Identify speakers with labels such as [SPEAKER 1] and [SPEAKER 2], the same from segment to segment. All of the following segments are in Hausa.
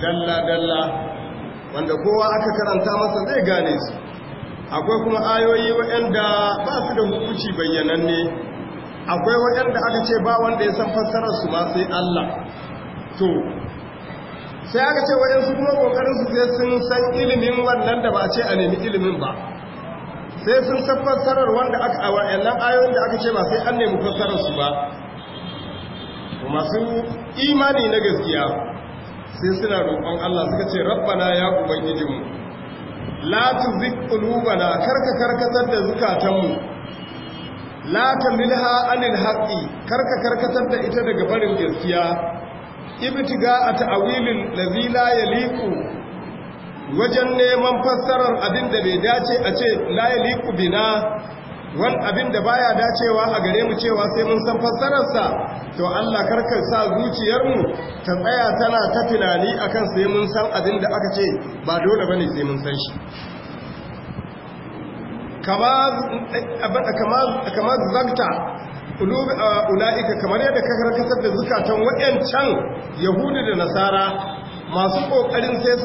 [SPEAKER 1] dalla-dalla wanda kowa aka karanta masa zai gane su akwai kuma ayoyi waɗanda ba su da hukunci bayyananne akwai waɗanda aka ce ba wanda ya san fassarar su ba sai Allah to sai aka ce su kuma kokarin su sai sun san ilimin wannan da ba ce a nemi ilimin ba sai sun san fassarar wanda aka a waɗannan ayoyin da aka ce ba sai an nemi fassarar su ba masu imani na gaskiya sai suna roƙon Allah suka ce rabbana ya ubangijinmu la tuzigh qulubana karka karkatar da zukatanmu la tamilha anil haqqi karka karkatar da ita daga barin gaskiya ibtiga a ta'awilin ladhi la yaliqu wajen neman fassarar abin da bai dace a ce la yaliqu bina wal abin da baya dacewa a gare mu cewa sai mun san fassararsa to Allah karka sa zuciyarmu ta tsaya tana ta tunani akan sai mun san abin da aka ce ba dole bane sai mun san shi kama zagta ula'ika kamar yadda ka karkatar da zukatan waɗancan yahudu da nasara masu ƙoƙarin sai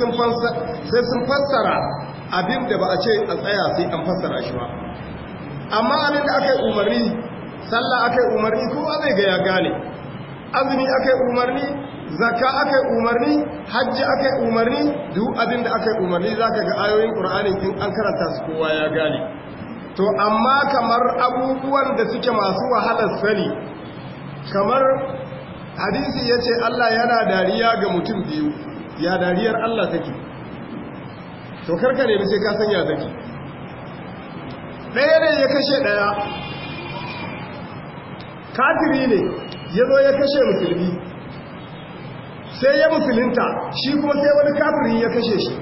[SPEAKER 1] sun fassara abin da ba a ce a tsaya sai an fassara shi ba amma abin da aka yi umarni sallah aka yi umarni kowa zai ga ya gane azumi aka yi umarni zakka aka yi umarni hajji aka yi umarni duk abin da aka yi umarni za ka ga ayoyin ƙur'ani in an karanta su kowa ya gane to amma kamar abubuwan da suke masu wahalar sani kamar hadisi ya ce allah yana dariya ga mutum biyu ya dariyar allah take to karka ne sai ka sanya zaki ɗaya ne ya kashe ɗaya kafiri ne ya zo ya kashe musulmi sai ya musulinta shi kuma sai wani kafiri ya kashe shi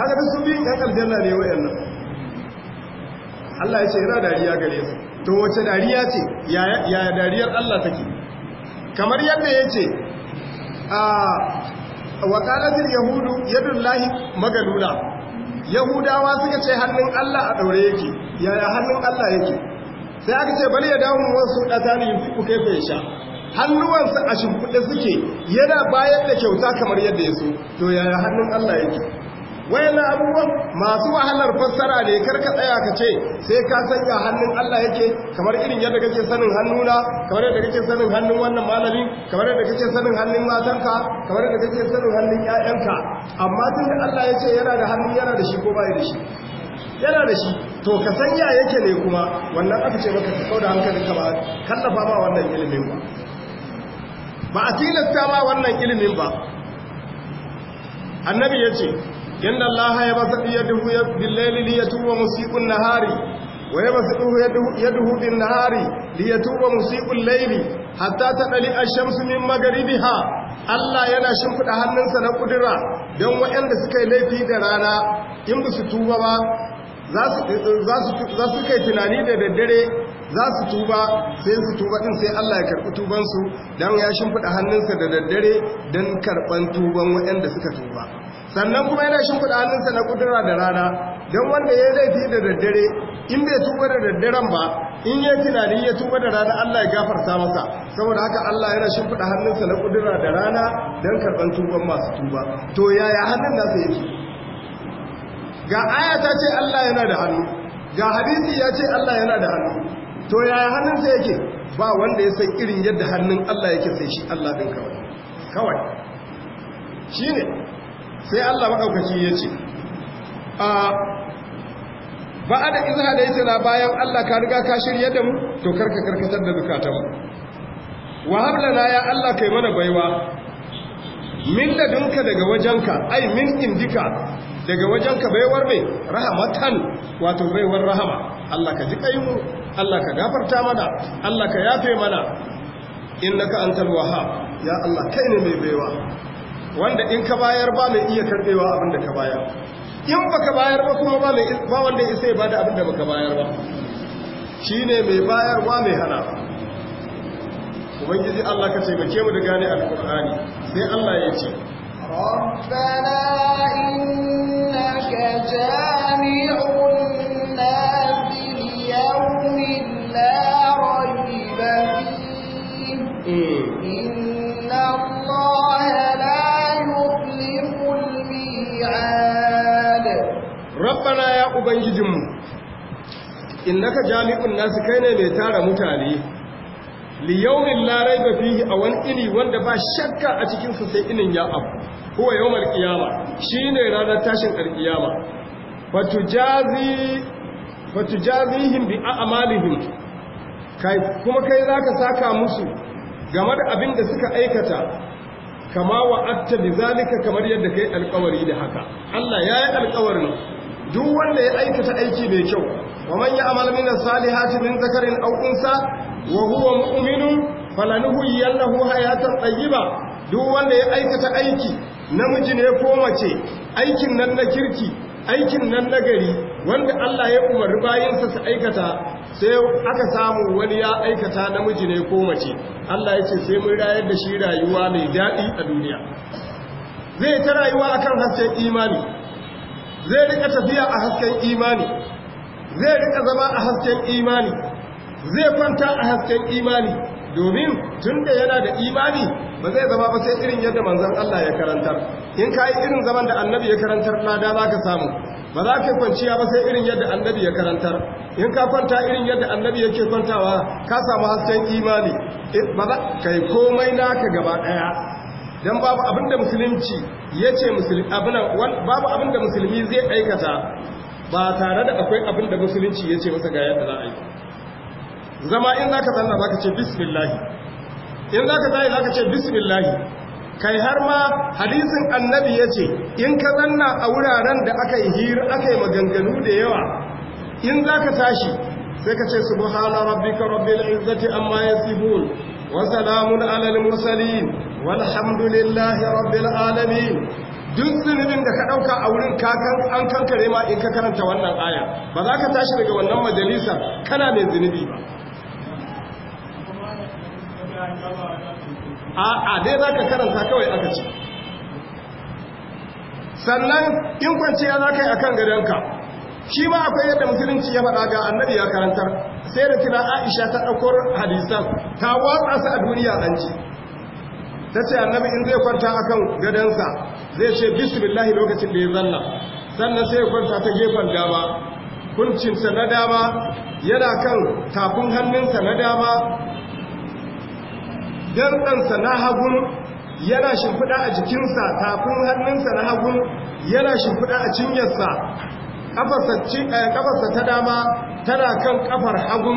[SPEAKER 1] kaga duk sun biyun ɗan aljanna ne nan Allah ya ce yana dariya gare su to wace dariya ce yaya dariyar Allah take kamar yadda ya ce a ah, A qalatil yahudu yadullahi magaluna yahudawa suka ce hannun Allah a daure yake yaya hannun Allah yake sai aka ce bari ya dawo wasu dazani yufiku kaifa yasha hannuwansa a shimfiɗe suke yana bayar da kyauta kamar yadda ya so to yaya hannun Allah yake wayannan abubuwan masu wahalar fassara ne karka tsaya ka ce sai ka sanya hannun Allah yake kamar irin yadda kake sanin hannuna kamar yadda kake sanin hannun wannan malami kamar yadda kake sanin hannun matanka kamar yadda kake sanin hannun ƴaƴanka amma tunda Allah ya ce yana da hannu yana da shi ko bai da shi yana da shi to ka sanya yake ne kuma wannan aka ce maka ka kauda ka ba kallafa ma wannan ilimin ba ba a tilasta ma wannan ilimin ba annabi ya ce إن الله يبسط يده بالليل ليتوب مسيء النهار ويبسط يده بالنهار ليتوب مسيء الليل حتى تطلع الشمس من مغربها Allah yana shimfida hannunsa na kudura don waɗanda suka yi laifi da rana in ba su tuba ba za su kai tunani da daddare za su tuba sai su tuba ɗin sai Allah ya karɓi tubansu don ya shimfida hannunsa da daddare don karɓan tuban waɗanda suka tuba. sannan kuma yana shimfiɗa hannunsa na kudura da rana don wanda ya laifi da daddare in bai tuba da daddaren ba in yi tunani ya tuba da rana Allah ya gafarta masa saboda haka Allah yana shimfiɗa hannunsa na kudura da rana don karɓar tuban masu tuba to yaya hannun nasa yake ga aya ta ce Allah yana da hannu ga hadisi ya ce Allah yana da hannu to yaya hannunsa yake ba wanda ya san irin yadda hannun Allah yake sai shi Allah ɗin kawai kawai shi ne sai Allah maɗaukaki ya ce ba a da izina da na bayan Allah ka riga ka shirya da mu to karka karkatar da zukatan mu wa hablana ya Allah kai mana baiwa min da dunka daga wajenka ai min indika daga wajenka baiwar mai rahamatan wato baiwar rahama Allah ka ji mu Allah ka gafarta mana Allah ka yafe mana innaka antal wahhab ya Allah kai ne mai baiwa wanda in ka bayar ba mai iya karbewa abin da ka bayar in baka bayar ba kuma ba wanda ya sai ba da abin da baka bayar ba shi ne mai bayarwa mai hana ubangiji Allah ka ce taimake mu da gane alkur'ani sai Allah ya ce
[SPEAKER 2] rabbana innaka jami'un nasi yawmin la rayba fihi
[SPEAKER 1] mm.
[SPEAKER 2] inna allaha
[SPEAKER 1] rabbana ya ubangijinmu innaka jami'un nasu kai ne mai tara mutane liyaumin larai ba fihi a wani ini wanda ba shakka a cikin sai inin ya abu kuwa yau malkiyama shine ranar tashin alkiyama fatujazihim bi a'malihim kai kuma kai zaka saka musu game da abin da suka aikata kama wa'atta bi zalika kamar yadda kai alkawari da haka Allah ya yi duk wanda ya aikata aiki mai kyau wa man ya'mal min as-salihati min zakarin aw unsa wa huwa mu'minun falanuhyiyannahu hayatan tayyiba duk wanda ya aikata aiki namiji ne ko mace aikin nan na kirki aikin nan na gari wanda Allah ya umarni bayansa su aikata sai aka samu wani ya aikata namiji ne ko mace Allah ya ce sai mun rayar da shi rayuwa mai daɗi a duniya zai ta rayuwa akan hasken imani zai rika tafiya a hasken imani zai rika zama a hasken imani zai kwanta a hasken imani domin tunda yana da imani ba zai zama ba sai irin yadda manzon Allah ya karantar in kai irin zaman da annabi ya karantar lada zaka samu ba za ka kwanciya ba sai irin yadda annabi ya karantar in ka kwanta irin yadda annabi yake kwantawa ka samu hasken imani eh, kai komai naka gaba daya don babu abinda musulunci ya ce babu abinda musulmi zai aikata ba tare da akwai abinda musulunci ya ce masa ga yadda za a yi zama in za ka zanna za ka ce bismillahi in za ka zai za ka ce bismillahi kai har ma hadisin annabi ya ce in ka zanna a wuraren da aka yi hira aka yi maganganu da yawa in za ka tashi sai ka ce subhana rabbika rabbil izzati amma yasifun wa salamun alal mursalin walhamdulillahi rabbil alamin duk zunubin da ka dauka a wurin kakan an kankare ma in ka karanta wannan aya ba za ka tashi daga wannan majalisa kana mai zunubi ba a dai za ka karanta kawai aka ce sannan in ya za ka yi a kan gadonka shi ma akwai yadda musulunci ya faɗa ga annabi ya karantar sai da tuna aisha ta ɗaukar hadisan ta watsa su a duniya an ce ta ce annabi in zai kwanta a kan gadansa zai ce bismillahi lokacin da ya zanna sannan sai ya kwanta ta gefen dama kuncinsa na dama yana kan tafin hannunsa na dama dantsansa na hagun yana shimfiɗa a jikinsa tafin hannunsa na hagun yana shimfiɗa a cinyarsa eh, ƙafarsa ta dama tana kan ƙafar hagun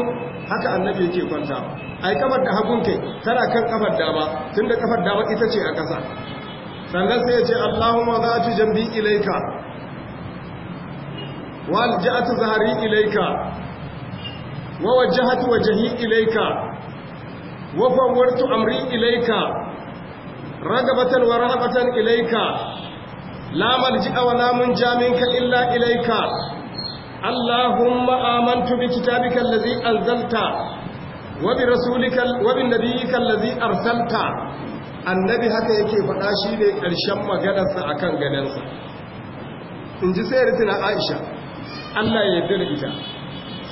[SPEAKER 1] haka annabi yake kwanta ai kafar da hagun kai tana kan kafar dama tunda kafar dama ita ce a ƙasa sannan sai ya ce Allahumma za'atu jambi ilaika wa alja'atu zahari ilaika wa wajjahatu wajhi ilaika wa fawwartu amri ilaika ragabatan wa rahabatan ilaika la malji'a wa la munja minka illa ilaika اللهم bi بكتابك الذي أنزلت wabin nabiyikan lazi arsalta annabi haka yake faɗa shi ne ƙarshen maganarsa a kan ganinsa in ji sai ritina aisha allah ya yarda da ita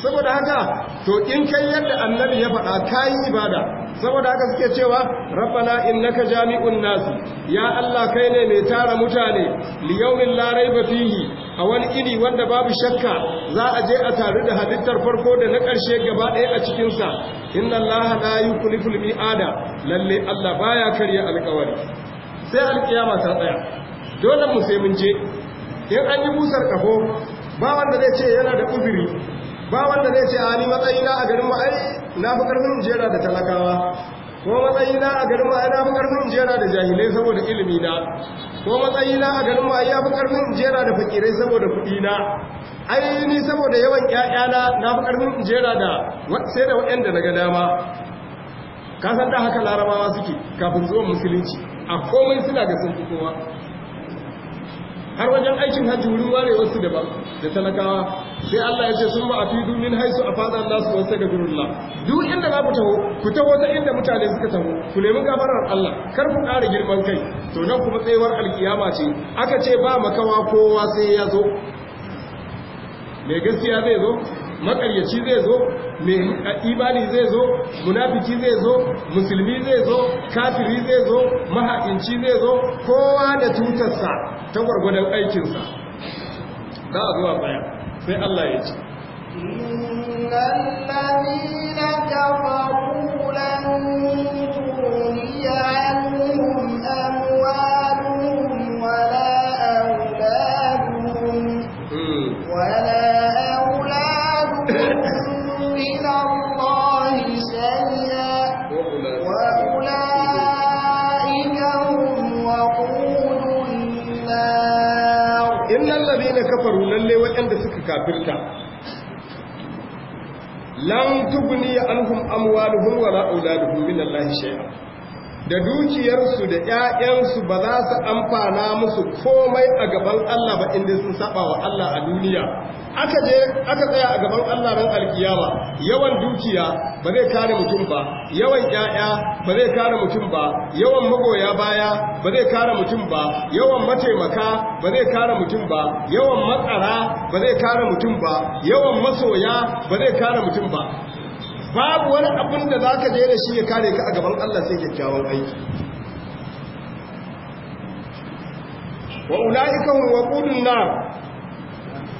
[SPEAKER 1] saboda haka to in kai yadda annabi ya faɗa ka yi ibada saboda haka suke cewa rabbana innaka jami'un nasu, ya Allah kai ne mai tara mutane li yawmin la rayba fihi a wani iri wanda babu shakka za a je a taru da halittar farko da na karshe gaba ɗaya a cikin sa inna allaha la yukhliful mi'ada lalle Allah baya karya alƙawari sai alƙiyama ta tsaya dole mu sai mun je in an yi busar kafo ba wanda zai ce yana da uzuri ba wanda zai ce a ni matsayina a garin mu ai na fi karfin jera da talakawa ko matsayina a garin ma'ai na fi karfin jera da jahilai saboda ilimi na ko matsayina a garin ma'ai ya fi karfin jera da fakirai saboda kuɗi na ai ni saboda yawan ƴaƴana na fi karfin jera da sai da waɗanda na ga dama ka san da haka larabawa suke kafin zuwan musulunci a komai suna ga sun kowa har wajen aikin hajji wuri ware wasu daban da talakawa sai Allah ya ce sun ba a fidu min haisu a fadar nasu wasu ga birullah duk inda za ku taho ku taho ta inda mutane suka taho ku nemi gafarar Allah kar ku ƙara girman kai to nan kuma tsayuwar alkiyama ce aka ce ba makawa kowa sai ya zo mai gaskiya zai zo makayyaci zai zo mai imani zai zo munafiki zai zo musulmi zai zo kafiri zai zo mahaƙinci zai zo kowa da tutarsa ta gwargwadon aikinsa za a zuwa baya sai Allah ya ce
[SPEAKER 2] لن تغني
[SPEAKER 1] kafirta lan tubni anhum amwaluhum wala auladuhum min Allah shay'a da dukiyarsu da ‘ya'yansu ba za su amfana musu komai a gaban Allah ba inda sun saba wa Allah a duniya aka je aka tsaya a gaban Allah ran alkiyama yawan dukiya ba zai kare mutum ba yawan ‘ya'ya ba zai kare mutum ba yawan magoya baya ba zai kare mutum ba yawan mataimaka ba zai kare mutum ba yawan matsara ba zai kare mutum ba yawan masoya ba zai kare mutum ba babu wani abin da za ka je shi ya kare ka a gaban Allah sai kyakkyawan aiki wa ula'ikan wa ƙudunna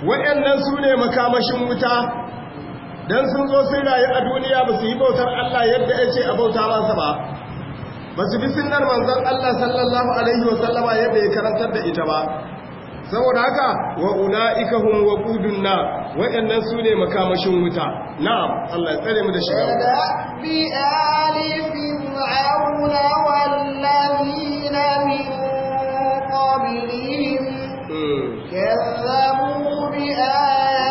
[SPEAKER 1] waɗannan su ne makamashin wuta don sun zo sun rayu a duniya ba su yi bautar Allah yadda ya ce a bauta masa ba ba su bi sinar manzon Allah sallallahu alaihi wa yadda ya karantar da ita ba saboda haka wa ulaika hum waqudun na wayannan sune makamashin wuta na'am Allah ya tsare mu da shiga
[SPEAKER 2] bi ali fir'auna wallazina min qablihim hmm. kazzabu bi ayati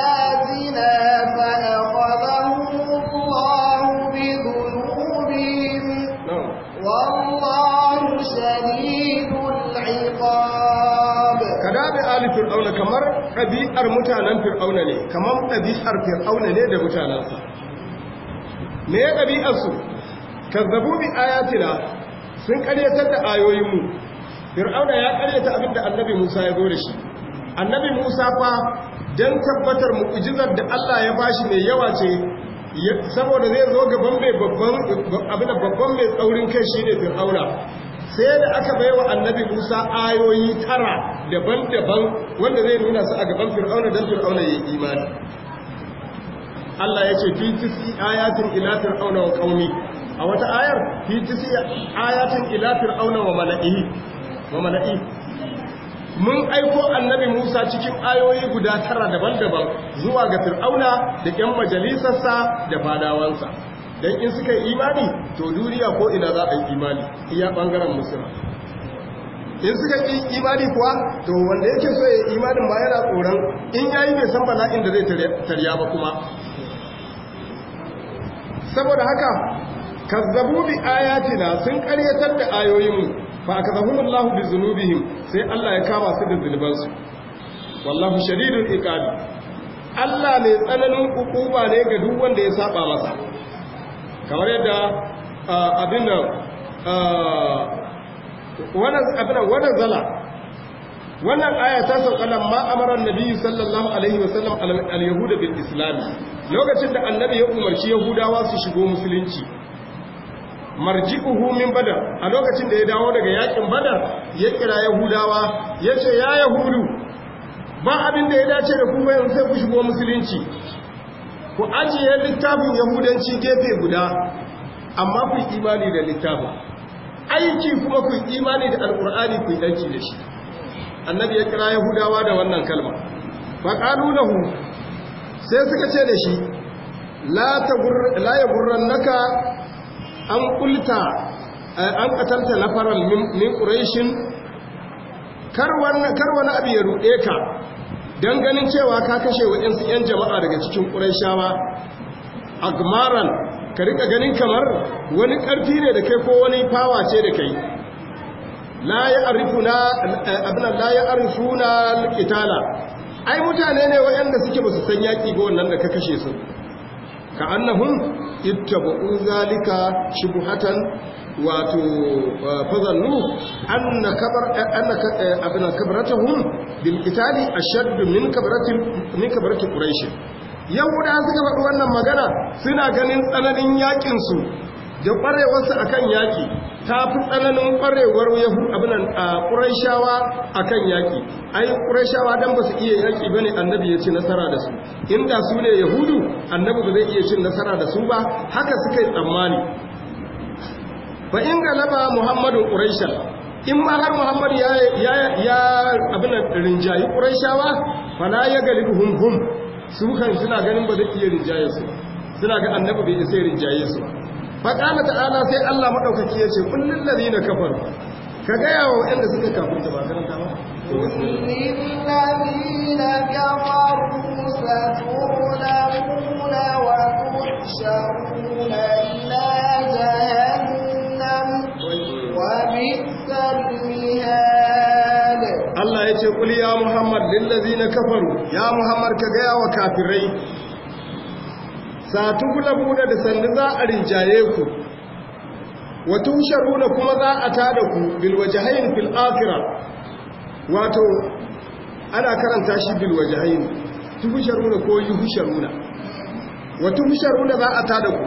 [SPEAKER 1] kamar ɗabi'ar mutanen fir'auna ne kamar ɗabi'ar fir'auna ne da mutanensa me ya ɗabi'arsu zabu bi ayatina sun ƙaryatar da ayoyinmu fir'auna ya ƙaryata abin da annabi musa ya zo da shi annabi musa fa don tabbatar mu'ujizar da allah ya bashi mai yawa ce saboda zai zo gaban mai babban babban mai tsaurin kai shine fir'auna sai da aka bai wa annabi musa ayoyi tara daban-daban wanda zai nuna su a gaban fir'auna don fir'auna ya yi imani Allah ya ce fitisi ayatin ila fir'auna wa qaumi a wata ayar fitisi ayatin ila fir'auna wa mala'ihi wa mala'i mun aiko annabi Musa cikin ayoyi guda tara daban-daban zuwa ga fir'auna da ƴan majalisarsa da fadawansa dan in suka yi imani to duniya ko ina za a yi imani iya bangaren musulma in suka yi imani kuwa to wanda yake so ya yi imanin ba yana tsoron in yayi bai san bala'in da zai tarya ba kuma saboda haka kazzabu bi ayatina sun karyatar da ayoyin ayoyinmu fa akazahumullahu bi zunubihim sai Allah ya kama su da zunubansu wallahu shadidul iqab Allah ne tsananin hukuma ne ga duk wanda ya saba masa kamar yadda abinda wadda wannan zala wannan aya ta sauka nabi sallallahu alaihi wasallam al-yahuda bin islami lokacin da annabi ya umarci yahudawa su shigo musulunci marji'uhu min badar a lokacin da ya dawo daga yakin badar ya kira yahudawa ya ce ya yahudu ba abin da ya dace da kuma yanzu sai ku shigo musulunci ku ajiye littafin yahudanci gefe guda amma ku imani da littafin aiki kuma ku imani da alkur'ani ku aiki da shi annabi ya kira yahudawa da wannan kalma fa lahu sai suka ce da shi la tagur la yagurrannaka an qulta eh, an qatalta nafaran min quraishin kar wani abu ya ruɗe ka don ganin cewa ka kashe waɗansu 'yan jama'a daga cikin ƙuraishawa agmaran ka riƙa ganin kamar wani ƙarfi ne da kai ko wani fawa ce da kai la ya arifu na Itala, ai mutane ne waɗanda suke ba su san yaƙi ba wannan da ka kashe su ka annahun ba'un zalika shubuhatan wato fazannu anna kabar anna eh, abin kabaratuhum bil min kabarati min kabarati quraish yahuda suka faɗi wannan magana suna ganin tsananin yakin su da ƙwarewarsu su akan yaki ta fi tsananin kwarewar yahu abin quraishawa akan yaki ai quraishawa dan ba su iya yaki bane annabi ya ci nasara da su inda su ne yahudu annabi ba zai iya cin nasara da su ba haka suka yi tsammani fa in galaba muhammadu quraishan in ma har muhammadu ya ya ya abin da rinjayi quraishawa fa la ya galibuhum hum su kan suna ganin ba zai iya rinjaye su suna ga annabi bai sai rinjaye su fa qala ta'ala sai Allah madaukaki ya ce kullul na kafaru ka ga yawo inda suka kafirta ba karanta ba للذين
[SPEAKER 2] كفروا ستغلبون وتحشرون
[SPEAKER 1] ce kuli ya muhammad lillazi na kafaru ya muhammad ka gaya wa kafirai satu kula buɗe da sandu za a rinjaye ku wato sharu da kuma za a tada ku bilwaje hain fil'afira wato ana karanta shi bilwaje bilwajahayin sharu da ko yi husharu da Wato husharu da za a tada ku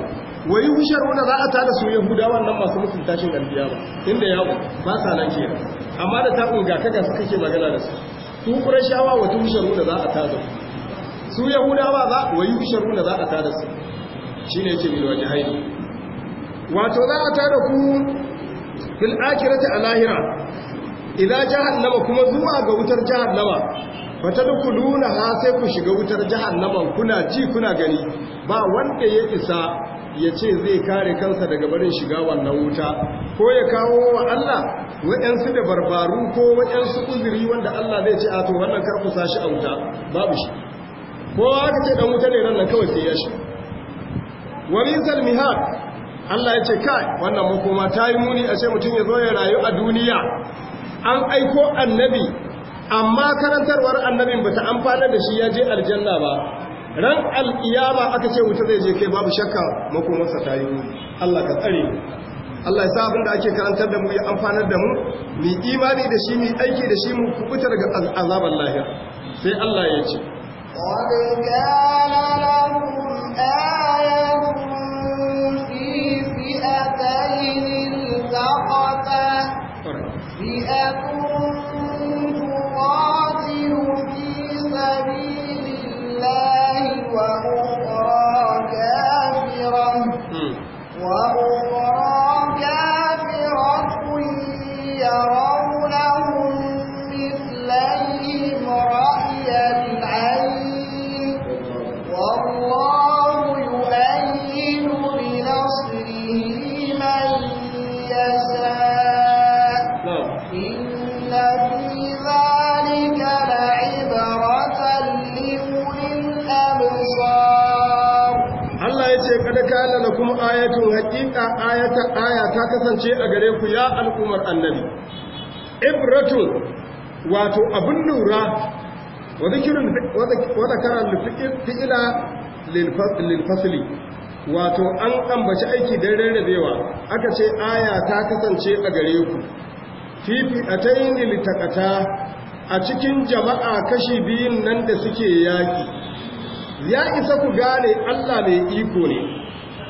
[SPEAKER 1] wai husharu da za a tada su yahudawa nan masu mutum tashin ɗan biya ba inda yawon ba sa nan kenan amma da ta ga kaga su kake magana da su su shawa wa tusharu da za a tada su ba za wa yusharu da za a tada su shine yake bil wajhaini wato za a tada ku fil akhirati alahira jihar jahannama kuma zuwa ga wutar jahannama nuna ha sai ku shiga wutar jahannaman kuna ji kuna gani ba wanda ya isa ya ce zai kare kansa daga barin shiga wannan wuta ko ya kawo wa Allah waɗansu da barbaru ko waɗansu uzuri wanda Allah zai ce a to wannan sa shi a wuta babu shi ko aka ce dan wuta ne ran nan kawai sai ya shi wani Allah ya ce kai wannan makoma ta yi muni a ce mutum ya zo ya rayu a duniya an aiko annabi amma karantarwar annabin ba ta amfana da shi ya je aljanna ba ran alkiyama aka ce wuta zai je kai babu shakka makomarsa ta yi Allah ka tsare Allah ya sa abin da ake karantar da mu ya amfanar da mu mai imani da shi mai aiki da shi mu kubuta daga azabar lahira sai Allah ya ce qad kasance a gare ku ya al'ummar annabi ibratun wato abin lura wadda karar fi'ila lilfasili wato an ambaci aiki don rarrabewa aka ce aya ta kasance a gare ku fifi a ta yin a cikin jama'a kashi biyun nan da suke yaƙi ya isa ku gane allah mai iko ne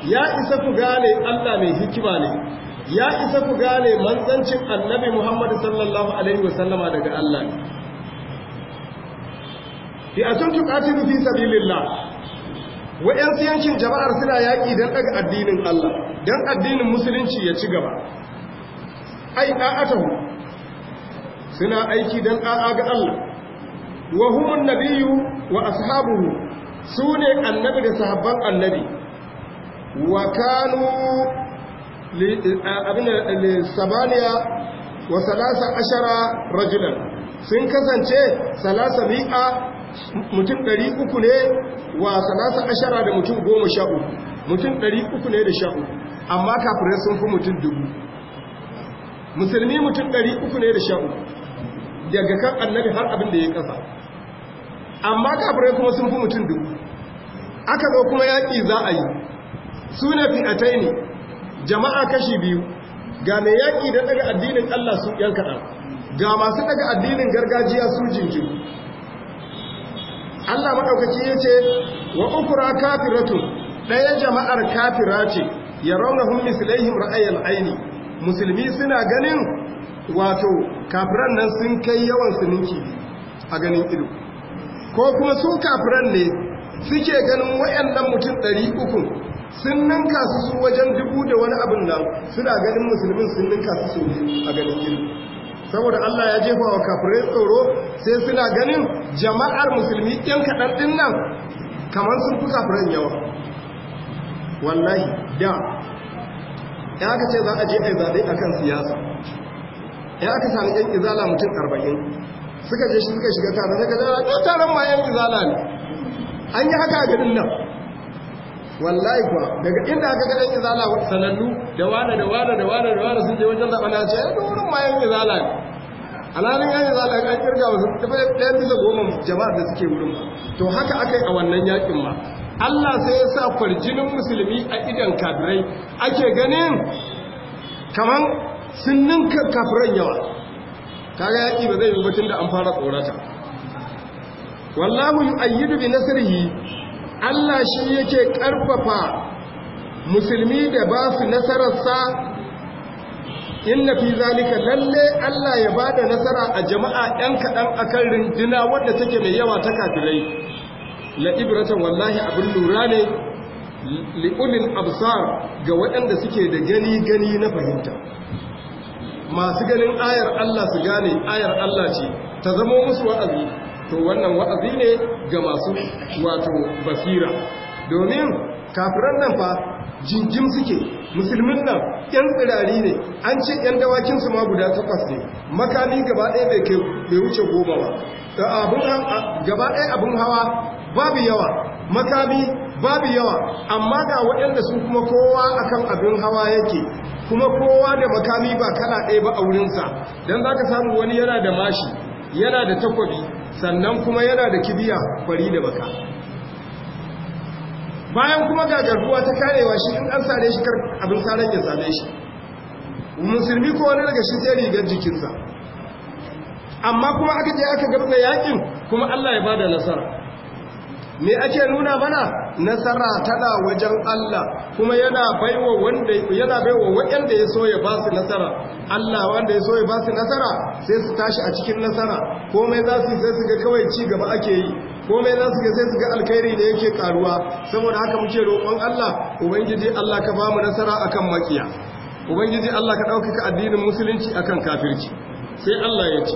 [SPEAKER 1] ya isa ku gane allah mai hikima ne ya isa ku gane manzancin annabi Muhammad sallallahu alaihi wasallama daga Allah bi a tun tuƙatilu fi sabilillah wa'yansu yankin jama'ar suna yaƙi don daga addinin Allah don addinin musulunci ya ci gaba ai ɗa'atahu suna aiki don 'A'a ga Allah wa humun nabiyu wa ashabuhu su ne annabi da sahabban annabi wa kanu sabaniya wa salasa ashara rajulan sun kasance salasa mi'a mutum ɗari uku ne wa salasa ashara da mutum goma sha uku mutum ɗari uku ne da sha uku amma kafirai sun fi mutum dubu musulmi mutum ɗari uku ne da sha uku daga kan annabi har abin da ya kasa amma kafirai kuma sun fi mutum dubu aka zo kuma yaƙi za a yi su na fi'atai ne jama'a kashi biyu ga mai yaƙi da daga addinin Allah su ‘yan kaɗan ga masu daga addinin gargajiya su jinjin Allah maɗaukaki ya ce wa ukura kafiratu ɗaya jama'ar kafira ce ya rauna hun mislaihim ra'ayyar aini musulmi suna ganin wato kafiran nan sun kai yawan ninki a ganin ido ko kuma su kafiran ne suke ganin wayannan mutum ɗari uku. sun ninka su su wajen dubu da wani abin nan suna ganin musulmin sun ninka su su a ganin girbi saboda Allah ya jefa wa kafirai tsoro sai suna ganin jama'ar musulmi ɗin kaɗan ɗin nan kamar sun fi kafirai yawa wallahi da ya aka ce za a je ai zaɓe a kan siyasa ya aka sami ɗan izala mutum arba'in suka je shi suka shiga tare da gajara ah, ɗan taron ma yan izala ne an yi haka a garin nan wallahi kuwa daga inda aka ga dan izala sanannu da wala da wala da wala da wala sun je wajen zaɓa na ce ai eh, da wurin ma yan izala ne alhalin yan izala an kirga wasu ɗayan bisa goma jama'a da suke wurin to haka aka yi a wannan yakin ma Allah sai ya sa farjinin musulmi a idan kafirai ake ganin kamar sun ninka kafiran yawa kaga yaki ba zai yi batun da an fara tsorata wallahu yu'ayyidu bi nasrihi Allah shi yake ƙarfafa musulmi da ba su nasararsa inna fi zalika lalle Allah ya bada nasara a jama'a ɗan kaɗan a kan rindina wadda take mai yawa ta kafirai la ibratan wallahi abin lura ne li'ulil absar ga waɗanda suke da gani gani na fahimta masu ganin ayar Allah su gane ayar Allah ce ta zama musu wa'azi to wannan wa'azi ne ga masu wato basira domin kafiran nan fa jinjim suke musulmin nan yan tsirari ne an ce yan dawakin su ma guda takwas ne makami gaba ɗaya bai kai wuce goma ba da abun gaba ɗaya abun hawa babu yawa makami babu yawa amma ga waɗanda sun kuma kowa akan abin hawa yake kuma kowa da makami ba kala ɗaya ba a wurinsa don za ka samu wani yana da mashi yana da takwabi sannan kuma yana da kibiya kwari da baka bayan kuma ga ta karewa shi in an sare shi kar abin saran ya same shi musulmi ko wani daga shi zai rigar jikinsa amma kuma aka je aka gabza yakin kuma Allah ya bada nasara me ake nuna mana nasara tana wajen Allah kuma yana baiwa wanda yana baiwa wanda ya so ya ba su nasara Allah wanda ya so ya ba su nasara sai su tashi a cikin nasara komai za su sai su ga kawai ci gaba ake yi komai za su ga sai su ga alkhairi da yake karuwa saboda haka muke roƙon Allah ubangiji Allah ka ba mu nasara akan makiya ubangiji Allah ka ɗaukaka addinin musulunci akan kafirci sai Allah ya ce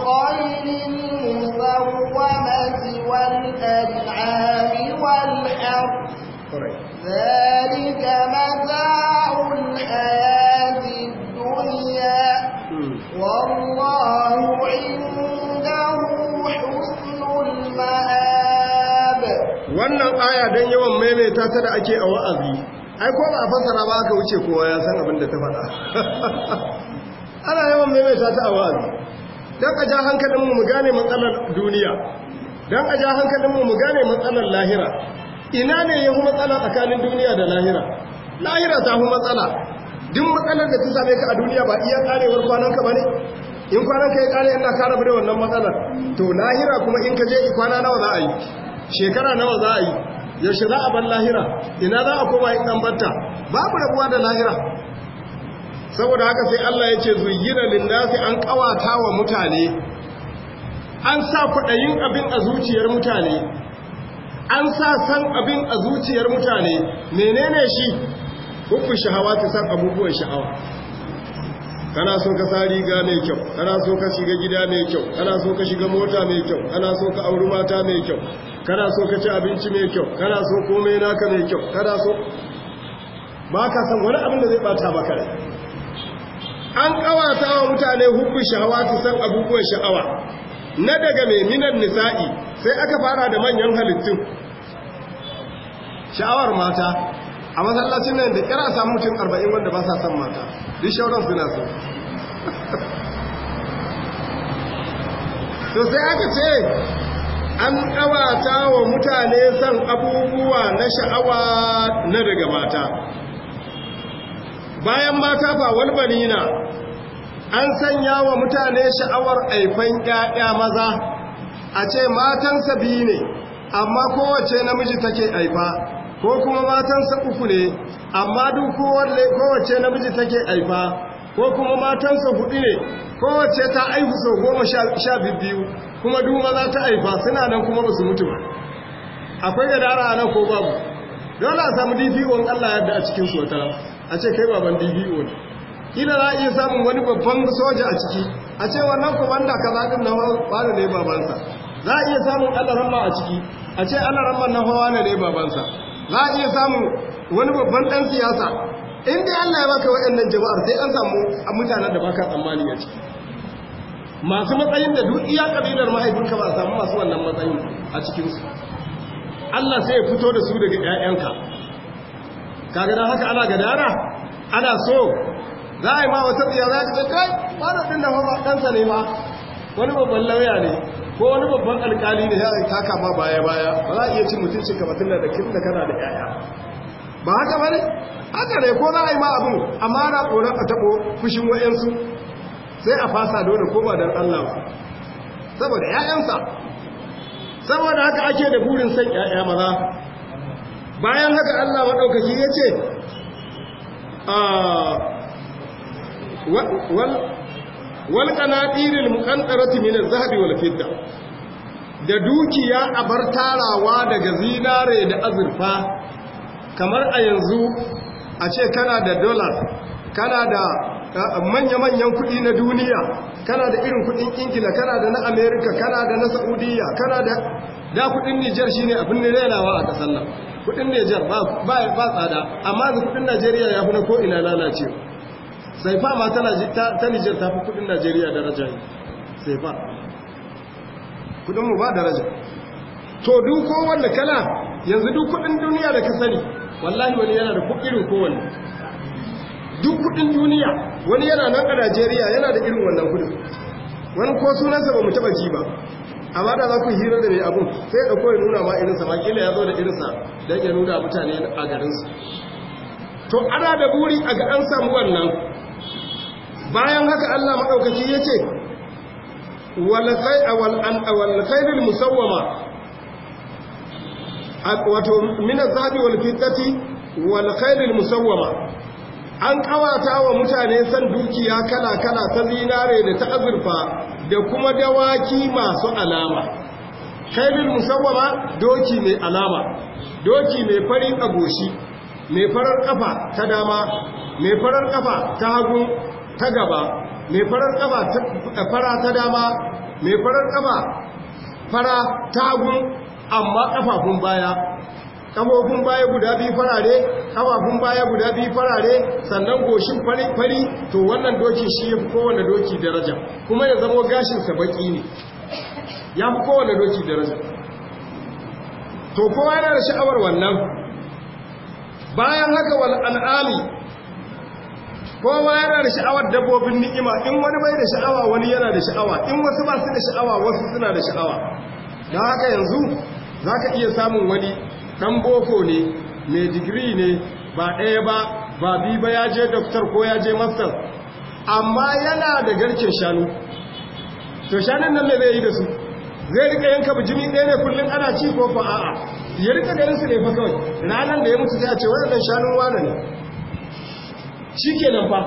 [SPEAKER 2] ذلك متاع الحياة الدنيا والله عنده حسن المآب wannan
[SPEAKER 1] aya dan yawan maimaita ta da ake a wa'azi ai ko ba a fasara ba aka wuce kowa ya san abin da ta faɗa ana yawan maimaita ta a wa'azi dan aja ja hankalinmu mu gane matsalar duniya dan aja ja hankalinmu mu gane matsalar lahira ina ne ya fi matsala tsakanin duniya da lahira lahira ta fi matsala duk matsalar da ta same ka a duniya ba iya karewar kwananka ba ne in kwananka ya kare ina kare bude wannan matsalar to lahira kuma in ka je kwana nawa za a yi shekara nawa za a yi yaushe za a ban lahira ina za a koma in ɗanbarta babu rabuwa da lahira saboda haka sai Allah ya ce zuyyina linnasi an kawata wa mutane an sa kwaɗayin abin a zuciyar mutane an sa san abin a zuciyar mutane menene shi hukun shahawa ta san abubuwan sha'awa kana so ka sa riga mai kyau kana so ka shiga gida mai kyau kana so ka shiga mota mai kyau kana so ka auri mata mai kyau kana so ka ci abinci mai kyau kana so komai naka mai kyau kana so ba ka san wani abin da zai bata ba kare an kawata wa mutane hukun shahawa ta san abubuwan sha'awa na daga mai minan nisa'i sai aka fara da manyan halittun sha'awar mata a masallacin nan da kira samu mutum arba'in wanda ba sa son mata duk shawarar suna so to sai aka ce an ƙawata wa mutane son abubuwa na sha'awa na daga mata bayan mata fa walbanina an sanya wa mutane sha'awar aifan ƴaƴa maza a ce matan sabi ne amma kowace namiji take aifa ko kuma matansa uku ne amma duk kowace namiji take aifa ko kuma matansa hudu ne kowace ta aihu sau goma sha biyu kuma duk maza ta aifa suna nan kuma ba su mutu ba akwai gadara a nan ko babu dole a samu dpo in allah yadda a cikin sota a ce kai baban DVO ne ila za a iya samun wani babban soja a ciki a ce wannan kwamanda ka zaɗin na wani ne babansa za a iya samun alaramma a ciki a ce alaramma na hawa ne babansa za a iya samun wani babban ɗan siyasa in dai Allah ya baka waɗannan jama'ar sai an samu a mutanen da baka tsammani a ciki masu matsayin da duk iya kabilar mahaifinka ba a samu masu wannan matsayin a cikinsu Allah sai ya fito da su daga ƴaƴanka kaga dan haka ana gadara ana so za a yi ma wata tsiya za ka ce kai ba da ɗin da ba ɗansa ne ba wani babban lauya ne ko wani babban alkali da ya taka ma baya-baya ba za a iya cin mutunci ka batun da kin da kana da yaya ba haka ba ne haka ne ko za a yi ma abin amma na tsoron a taɓo fushin wa'yansu sai a fasa dole ko ba don allah saboda ‘ya'yansa saboda haka ake da burin san ‘ya'ya maza bayan haka allah maɗaukaki ya ce ah, wal qanatiril muqantarati min az-zahabi wal fidda da dukiya a bar tarawa daga zinare da azurfa kamar a yanzu a ce kana da dollar kana da eh, manya-manyan kuɗi na duniya kana da irin kuɗin ingila kana da na amerika kana da na saudiya kana da da kudin nijar shine abin renawa a ƙasar nan kuɗin nijar ba tsada amma da kuɗin najeriya ya fi na ko'ina lalacewa saifa ma ta nijar ta fi kudin najeriya daraja ne, saifa kudinmu ba daraja to duk kowanne kana yanzu duk kudin duniya da ka sani wallahi wani yana da irin kowanne duk kudin duniya wani yana nan a najeriya yana da irin wannan kudin wani ko sunansa ba mu taba ji ba amma da za ku hira da mai abun sai da kawai nuna ma irinsa ba kila ya zo da irinsa don ya nuna mutane a garinsu to ana da buri a ga an samu wannan bayan haka Allah maɗaukaki ya ce walkhairil musawwama wato mina zaɓi walfittati walkhairil musawwama an ƙawata wa mutane san dukiya kala-kala ta zinare da ta azurfa da kuma dawaki masu alama Kailin musawwama doki mai alama doki mai fari a goshi mai farar ƙafa ta dama mai farar ƙafa ta hagu ta gaba mai farar ta fara ta dama mai farar kaba fara ta amma kafafun baya kafofin baya guda biyu farare kafafun baya guda biyu farare sannan goshin fari fari to wannan doki shi ya fi kowane doki daraja kuma ya zamo gashinsa baki ne ya fi kowane doki daraja to kowa yana da sha'awar wannan bayan haka wal kowa yana da sha'awar dabbobin ni'ima in wani bai da sha'awa wani yana da sha'awa in wasu ba su da sha'awa wasu suna da sha'awa da haka yanzu za ka iya samun wani ɗan boko ne mai digiri ne ba ɗaya ba ba bi ba ya je doktor ko ya je master amma yana da garken shanu to shanun nan ne zai yi da su zai rika yanka bijimi ɗaya ne kullum ana ci ko ko a'a ya rika ganin su ne fa kawai ranar da ya mutu sai a ce waɗannan shanun wane ne shi kenan fa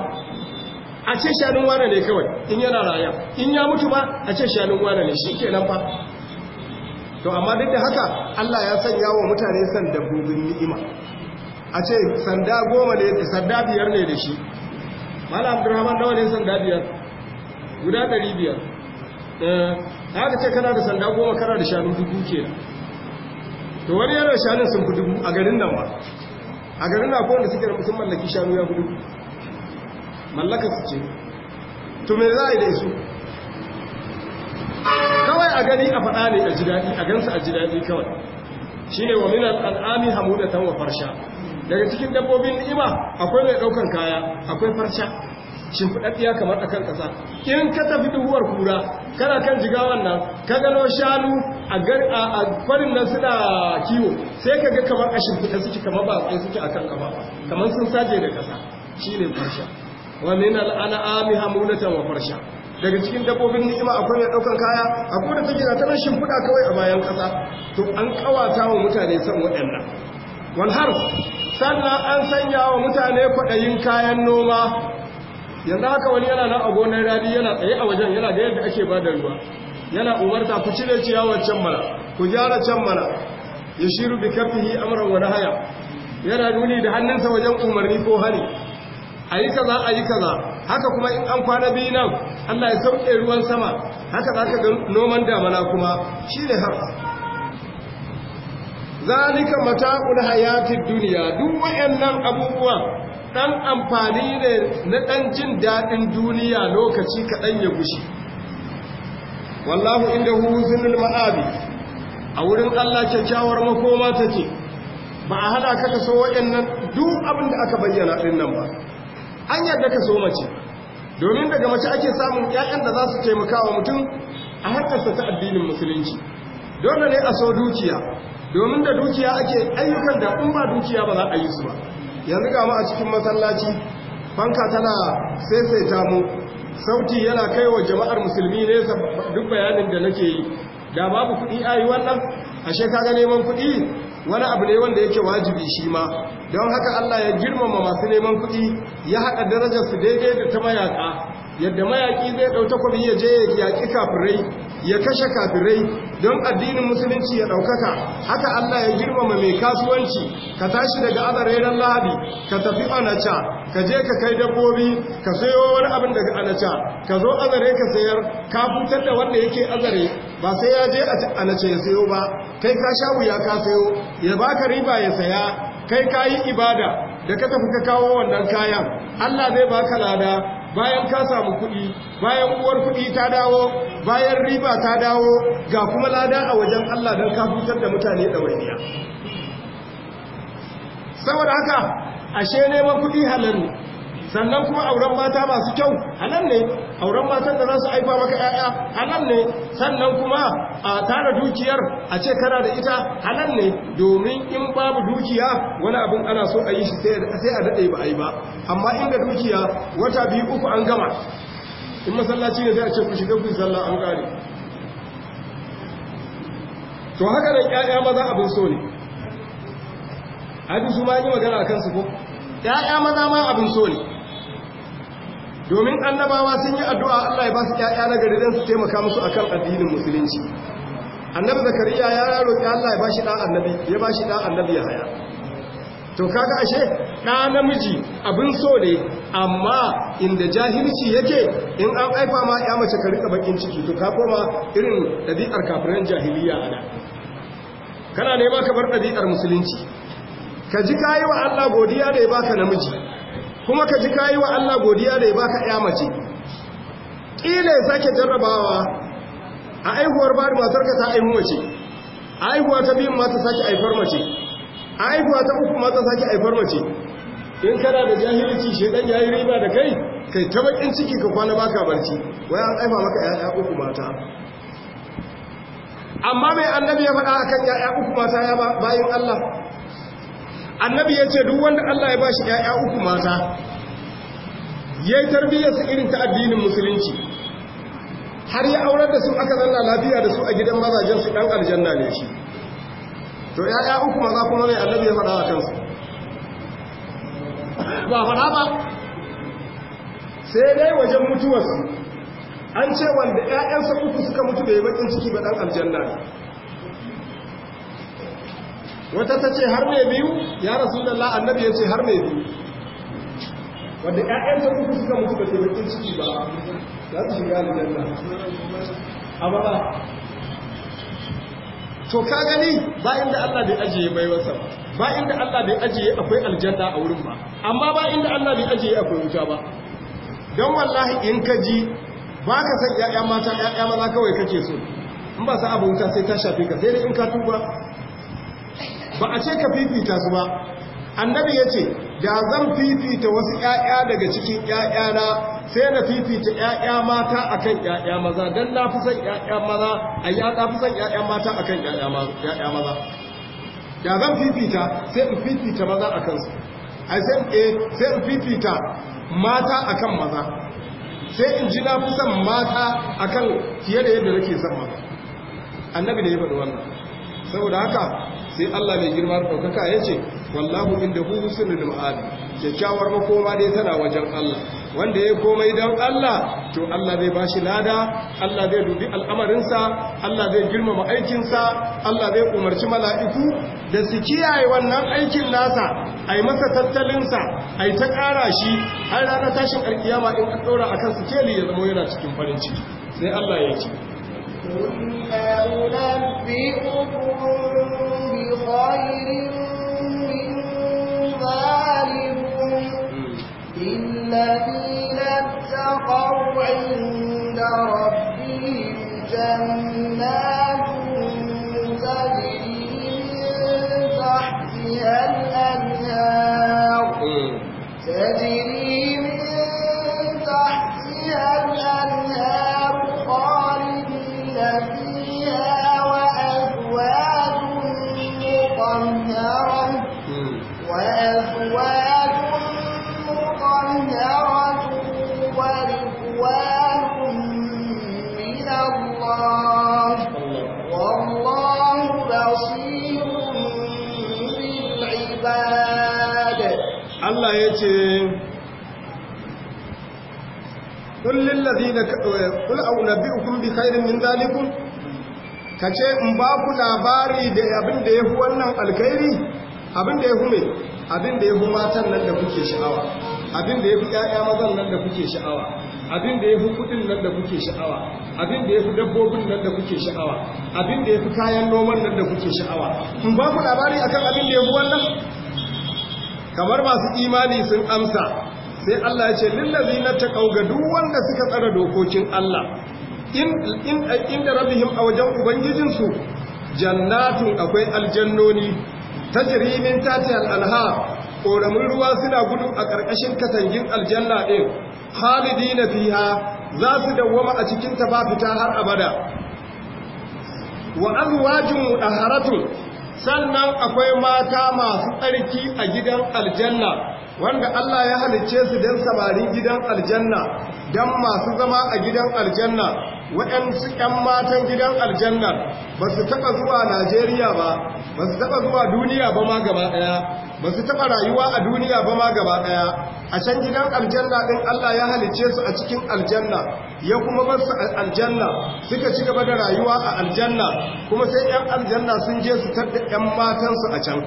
[SPEAKER 1] a ce shanun wane ne kawai in yana raya in ya mutu ba a ce shanun wane ne shi kenan fa to amma duk da haka Allah ya sanya wa mutane san dabbobin ni'ima a ce sanda goma ne sanda biyar ne da shi mala abdurrahman nawa ne sanda biyar guda ɗari biyar ta eh, haka ce kana da sanda goma kana da shanu dubu ke to wani yana shanun sun fi dubu a garin nan ba a garin na kowanne suke da sun mallaki shanu ya gudu mallaka su ce to me za a yi da isu
[SPEAKER 3] kawai a gani a
[SPEAKER 1] faɗa ne a ji daɗi a gansu a ji daɗi kawai shi ne wa minan al'ami hamudatan wa farsha daga cikin dabbobin ni'ima akwai mai ɗaukan kaya akwai farsha shimfiɗaɗɗiya kamar akan ƙasa in ka tafi duhuwar kura kana kan jigawan nan ka gano shanu a kwarin nan suna kiwo sai ka ga kamar a shimfiɗa suke kamar ba a suke akan kama kamar sun saje da ƙasa shi ne farsha wa min ami hamunatan wa farsha daga cikin dabbobin ni'ima akwai mai daukan kaya akwai da take ta nan shimfiɗa kawai a bayan ƙasa to an kawata wa mutane san waɗannan wal har sannan an sanya wa mutane kwaɗayin kayan noma yanzu haka wani yana nan a gonar rani yana tsaye a wajen yana da yadda ake ba da ruwa yana umarta ku cire ciyawar can mana ku gyara can mana ya shiru bi kafihi amran wa nahaya yana nuni da hannunsa wajen umarni ko hari yi kaza a yi kaza haka kuma in an kwana biyu nan Allah ya sauke ruwan sama haka zaka ga noman damana kuma shi shine har zalika mata'ul hayatid duniya duk wayannan abubuwa ɗan amfani ne na ɗan jin daɗin duniya lokaci kaɗan ya gushi wallahu inda huzinul ma'abi a wurin Allah kyakkyawar makoma take ba a hada ka kaso waɗannan duk abin da aka bayyana ɗin nan ba an yadda ka so mace domin daga mace ake samun ƴaƴan da za su taimaka wa mutum a harkarsa ta addinin musulunci dole ne a so dukiya domin da dukiya ake ayyukan da in ba dukiya ba za a yi su ba yanzu ga mu a cikin masallaci fanka tana saisaita mu sauti yana kai wa jama'ar musulmi ne duk bayanin da nake yi da babu kuɗi a yi wannan ashe ga neman kuɗi wani abu ne wanda yake wajibi shi ma don haka Allah ya girmama masu neman kuɗi ya haɗa darajarsu daidai da ta mayaƙa yadda mayaki zai ɗau takobi ya je ya ki kafirai ya kashe kafirai don addinin musulunci ya ɗaukaka haka Allah ya girmama mai kasuwanci ka tashi daga azarairan lahadi ka tafi anaca ka je ka kai dabbobi ka sayo wani abin daga anaca ka zo azare ka sayar ka fitar da wanda yake azare ba sai ya je anace ya sayo ba kai ka sha wuya ka sayo ya baka riba ya saya kai ka yi ibada da ka tafi ka kawo wannan kayan Allah zai baka lada bayan ka samu kuɗi bayan uwar kuɗi ta dawo bayan riba ta dawo ga kuma lada a wajen Allah don ka fitar da mutane ɗawainiya saboda haka ashe neman kuɗi halal sannan kuma auren mata masu kyau nan ne auren matan da za su aifa maka ƴaƴa nan ne sannan kuma a tara dukiyar a ce kana da ita nan ne domin in babu dukiya wani abin ana so a yi shi sai a daɗe ba a yi ba amma in ga dukiya wata biyu uku an gama in masallaci ne sai a ce ku shiga ku sallah an kare to haka da ƴaƴa maza abin so ne a su ma yi magana a kansu ko ƴaƴa maza ma abin so ne domin annabawa sun yi addu'a Allah ya ba su ƙyaƙya na gari don su taimaka musu a kan addinin musulunci annabi zakariya ya ya Allah ya ba shi ɗan annabi ya ba shi ɗan annabi ya haya to kaga ashe ɗa namiji abin so ne amma inda jahilci yake in an aifa ma ya mace ka rika bakin ciki to ka koma irin ɗabi'ar kafiran jahiliya a da. kana ne ba ka bar ɗabi'ar musulunci ka ji kayi wa Allah godiya da ya baka namiji kuma ka ji kayi wa Allah godiya da ya baka ya mace kila ya sake jarrabawa a aihuwar ba da matarka ta aihu mace a aihuwa ta biyun ma ta sake aifar mace a aihuwa ta uku ma ta sake aifar mace in kana da jahilci ya yi riba da kai kai ta bakin ciki ka kwana baka barci wai an aifa maka yaya uku mata amma mai annabi ya faɗa akan yaya uku mata ya bayin Allah annabi ya ce duk wanda Allah ya bashi ƴaƴa uku mata yayi tarbiyyar su irin ta addinin musulunci har ya aurar da su aka zanna lafiya da su a gidan mazajen su dan aljanna ne shi to ƴaƴa uku maza kuma ne annabi ya faɗa a kansu ba faɗa ba sai dai wajen mutuwarsu an ce wanda ƴaƴansa uku suka mutu da bai bakin ciki ba dan aljanna ne wata ta ce har mai biyu ya rasu da la annabi ya ce har mai biyu wadda ƴaƴanta uku suka mutu da taimakon ciki ba za su shiga ba ba to ka gani ba inda Allah bai ajiye bai wasa ba inda Allah bai ajiye akwai aljanna a wurin ba amma ba inda Allah bai ajiye akwai wuta ba Don wallahi in ka ji ba ka san ƴaƴa mata ƴaƴa maza kawai kake so in ba sa abu wuta sai ta shafe ka sai dai in ka tuba ba a ce ka fifita su ba annabi ya ce da zan fifita wasu ‘ya'ya daga cikin na sai na fifita ‘ya'ya mata a kan ‘ya'ya maza don na fi son ‘ya'ya maza a yi na fi son ‘ya'ya mata a kan ‘ya'ya maza da zan fifita sai in fifita maza a kansu a sai eh, Sai in fifita mata a kan maza sai in ji na fi son mata a kan fiye da yadda nake son maza annabi da ya faɗi wannan saboda haka sai Allah mai girma da ɗaukaka ya ce wallahu inda hu husnul ma'ad kyakkyawar makoma dai tana wajen Allah wanda ya komai don Allah to Allah zai bashi lada Allah zai dubi al'amarinsa Allah zai girmama aikinsa Allah zai umarci mala'iku da su kiyaye wannan aikin nasa ai masa tattalinsa ai ta ƙara shi har ranar tashin alkiyama in ka ɗora akan su keli ya zama yana cikin farin ciki sai Allah ya ce
[SPEAKER 2] بخير من ظالم للذين اتقوا عند ربهم جنات تجري من تحتها الأنهار تجري من تحتها الأنهار
[SPEAKER 1] الذين قل او نبئكم بخير من zalikum kace in باكو ku labari da abin da wannan alkhairi abin da yahu me abin da yahu matan nan da kuke sha'awa abin da yahu ƴaƴa mazan nan da kuke sha'awa abin da yahu kudin nan da kuke sha'awa abin da yahu dabbobin nan da kuke sha'awa abin da yahu kayan noman nan da kuke sha'awa in ba labari akan abin da yahu wannan kamar masu imani sun amsa sai Allah ya ce lillazina taqaw ga duk wanda suka tsara dokokin Allah in inda rabihim a wajen ubangijinsu, jannatin akwai aljannoni ta min tati al Ƙoramin ruwa suna gudu a ƙarƙashin katangin aljanna halidi na fiha za su dawwama a cikin ta ba fita har abada wa a mutahharatun sannan akwai mata masu tsarki a gidan aljanna wanda Allah ya halicce su don samari gidan aljanna don masu zama a gidan aljanna waɗansu ‘yan matan gidan aljanna ba su taɓa zuwa Najeriya ba ba su taɓa zuwa duniya ba ma gaba ɗaya ba su taɓa rayuwa a duniya ba ma gaba ɗaya a can gidan aljanna ɗin Allah ya halicce su a cikin aljanna ya kuma bar su aljanna suka ci gaba da rayuwa a aljanna kuma sai ‘yan aljanna sun je su taɗa ‘yan matansu a can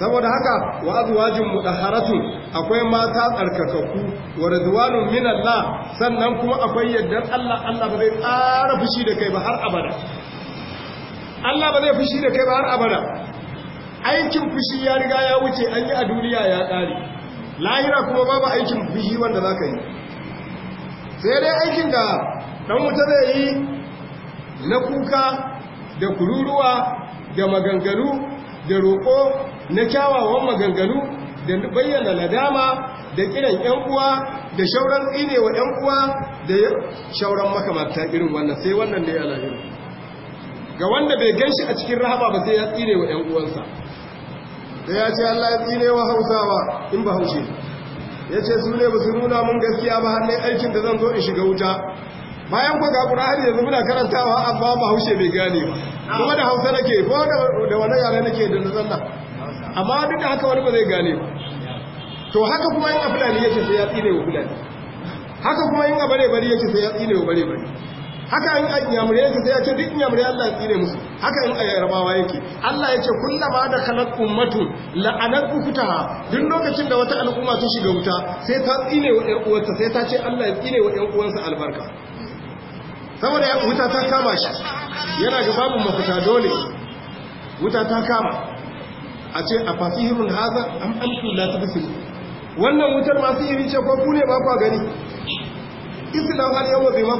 [SPEAKER 1] saboda haka wa azwajin mudahharatu akwai mata tsarkakakku wa radwanu min Allah sannan kuma akwai yaddan Allah Allah ba zai tsara fushi da kai ba har abada Allah ba zai fushi da kai ba har abada aikin fushi ya riga ya wuce an yi a duniya ya tsare lahira kuma babu aikin fushi wanda zaka yi sai dai aikin da dan wuta zai yi na kuka da kururuwa da maganganu da roƙo na kyawawan maganganu da bayyana nadama da kiran ‘yan uwa da shauran ine wa ‘yan uwa da shauran makamata irin wannan sai wannan da ya lahiru ga wanda bai gan shi a cikin rahaba ba sai ya tsire wa ‘yan uwansa da ya ce Allah ya tsire wa hausawa in ba haushe ya ce su ne ba su nuna mun gaskiya ba hannun aikin da zan zo in shiga wuta bayan ku ga da yanzu muna karantawa amma ba haushe bai gane ba kuma da hausa nake ko da wani yare nake da na zanna amma duk da haka wani ba zai gane to haka kuma yin afilani ce sai ya tsine wa fulani haka kuma yin abare bari ce sai ya tsine wa bare bari haka in ayyamure yake sai ya ce duk yamure Allah ya tsine musu haka in ayyarabawa yake Allah ya ce kullama da kalat ummatu la'anar ukutaha duk lokacin da wata al'umma ta shiga wuta sai ta tsine wa ƴan uwarta sai ta ce Allah ya tsine wa ƴan uwansa albarka saboda wuta ta kama shi yana ga babu mafita dole wuta ta kama a ce a fasihirun haza an amsu la tubsiru wannan wutar masu iri ce ko kune ba kwa gani islam har yawa bai ma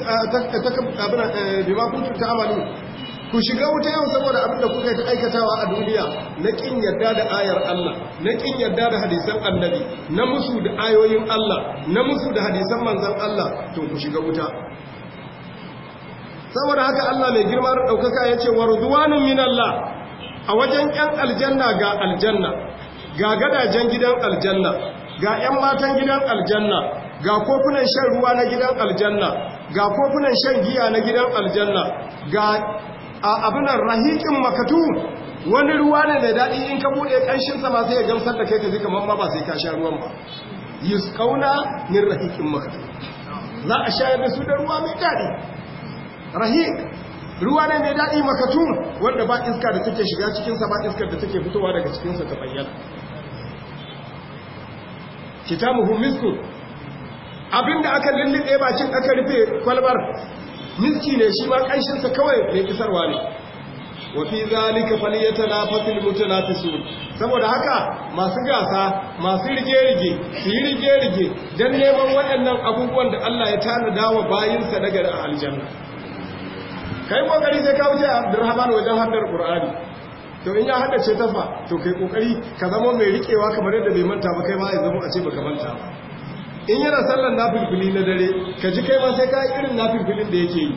[SPEAKER 1] eh, ta eh, amalu ku shiga wuta yau saboda abin da kuka aikatawa a duniya na kin yadda da ayar Allah na kin yadda da hadisan annabi na musu da ayoyin Allah na musu da hadisan manzan Allah to ku shiga wuta saboda haka Allah mai girma da wa ruzuwanin min Allah a wajen ƴan aljanna ga aljanna ga gadajen gidan aljanna ga ƴan matan gidan aljanna ga kofunan shan ruwa na gidan aljanna ga kofunan shan giya na gidan aljanna ga a abunan rahikin makatu wani ruwa ne da daɗi in ka buɗe ƙanshin sama sai ya gamsar da kai ka zika mamma ba sai ka sha ruwan ba yusqauna min rahikin makatu za a shayar da su da ruwa mai daɗi rahik ruwa ne mai daɗi makatun wanda ba iska da take shiga cikinsa ba iskar da take fitowa daga cikinsa ta bayyana kitabuhu misku abinda aka lullube bakin aka rufe kwalbar miski ne shi ma ƙanshinsa kawai mai kisarwa ne wafi zalika falyatanafasul mutanafisun saboda haka masu gasa masu rige-rige su yi rige-rige don neman waɗannan abubuwan da Allah ya tanada wa bayinsa daga aljanna kai kokari sai ka wuce Abdurrahman wajen haddar Qur'ani to in ya haddace ta fa to kai kokari ka zama mai rikewa kamar yadda bai manta ba kai ma ya zama a ce baka manta in yana sallar nafilfili na dare ka ji kai ma sai ka irin nafilfilin da yake yi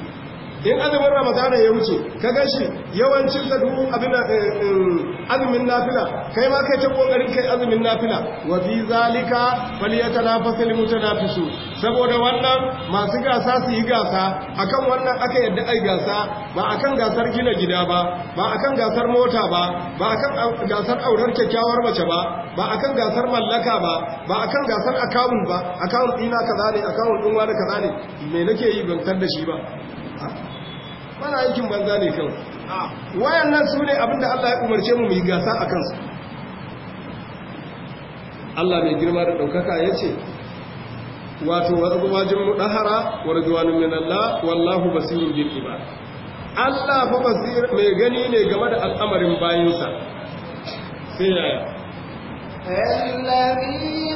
[SPEAKER 1] in azumin ramadana ya wuce ka gashi yawancin da abin eh, eh, azumin nafila kai ma kai ta kokarin kai azumin nafila wa fi zalika fi mutanafisu saboda wannan masu gasa su yi gasa akan wannan aka yadda ai gasa ba akan gasar gina gida ba ba akan gasar mota ba ba akan gasar aurar kyakkyawar mace ba ba akan gasar mallaka ba ba akan gasar akawun ba akawun ɗina kaza ne akawun ɗin wani kaza ne me nake yi ban tar da shi ba wani aikin banza ne kawai wayannan su ne abinda Allah ya umarce mu yi gasa a kansu Allah mai girma da ɗaukaka ya ce wato wazgumajin mudahara wa ridwanun min Allah wallahu basirun girki ba." Allah fa basir mai gani ne game da al'amarin bayansa sai yaya yi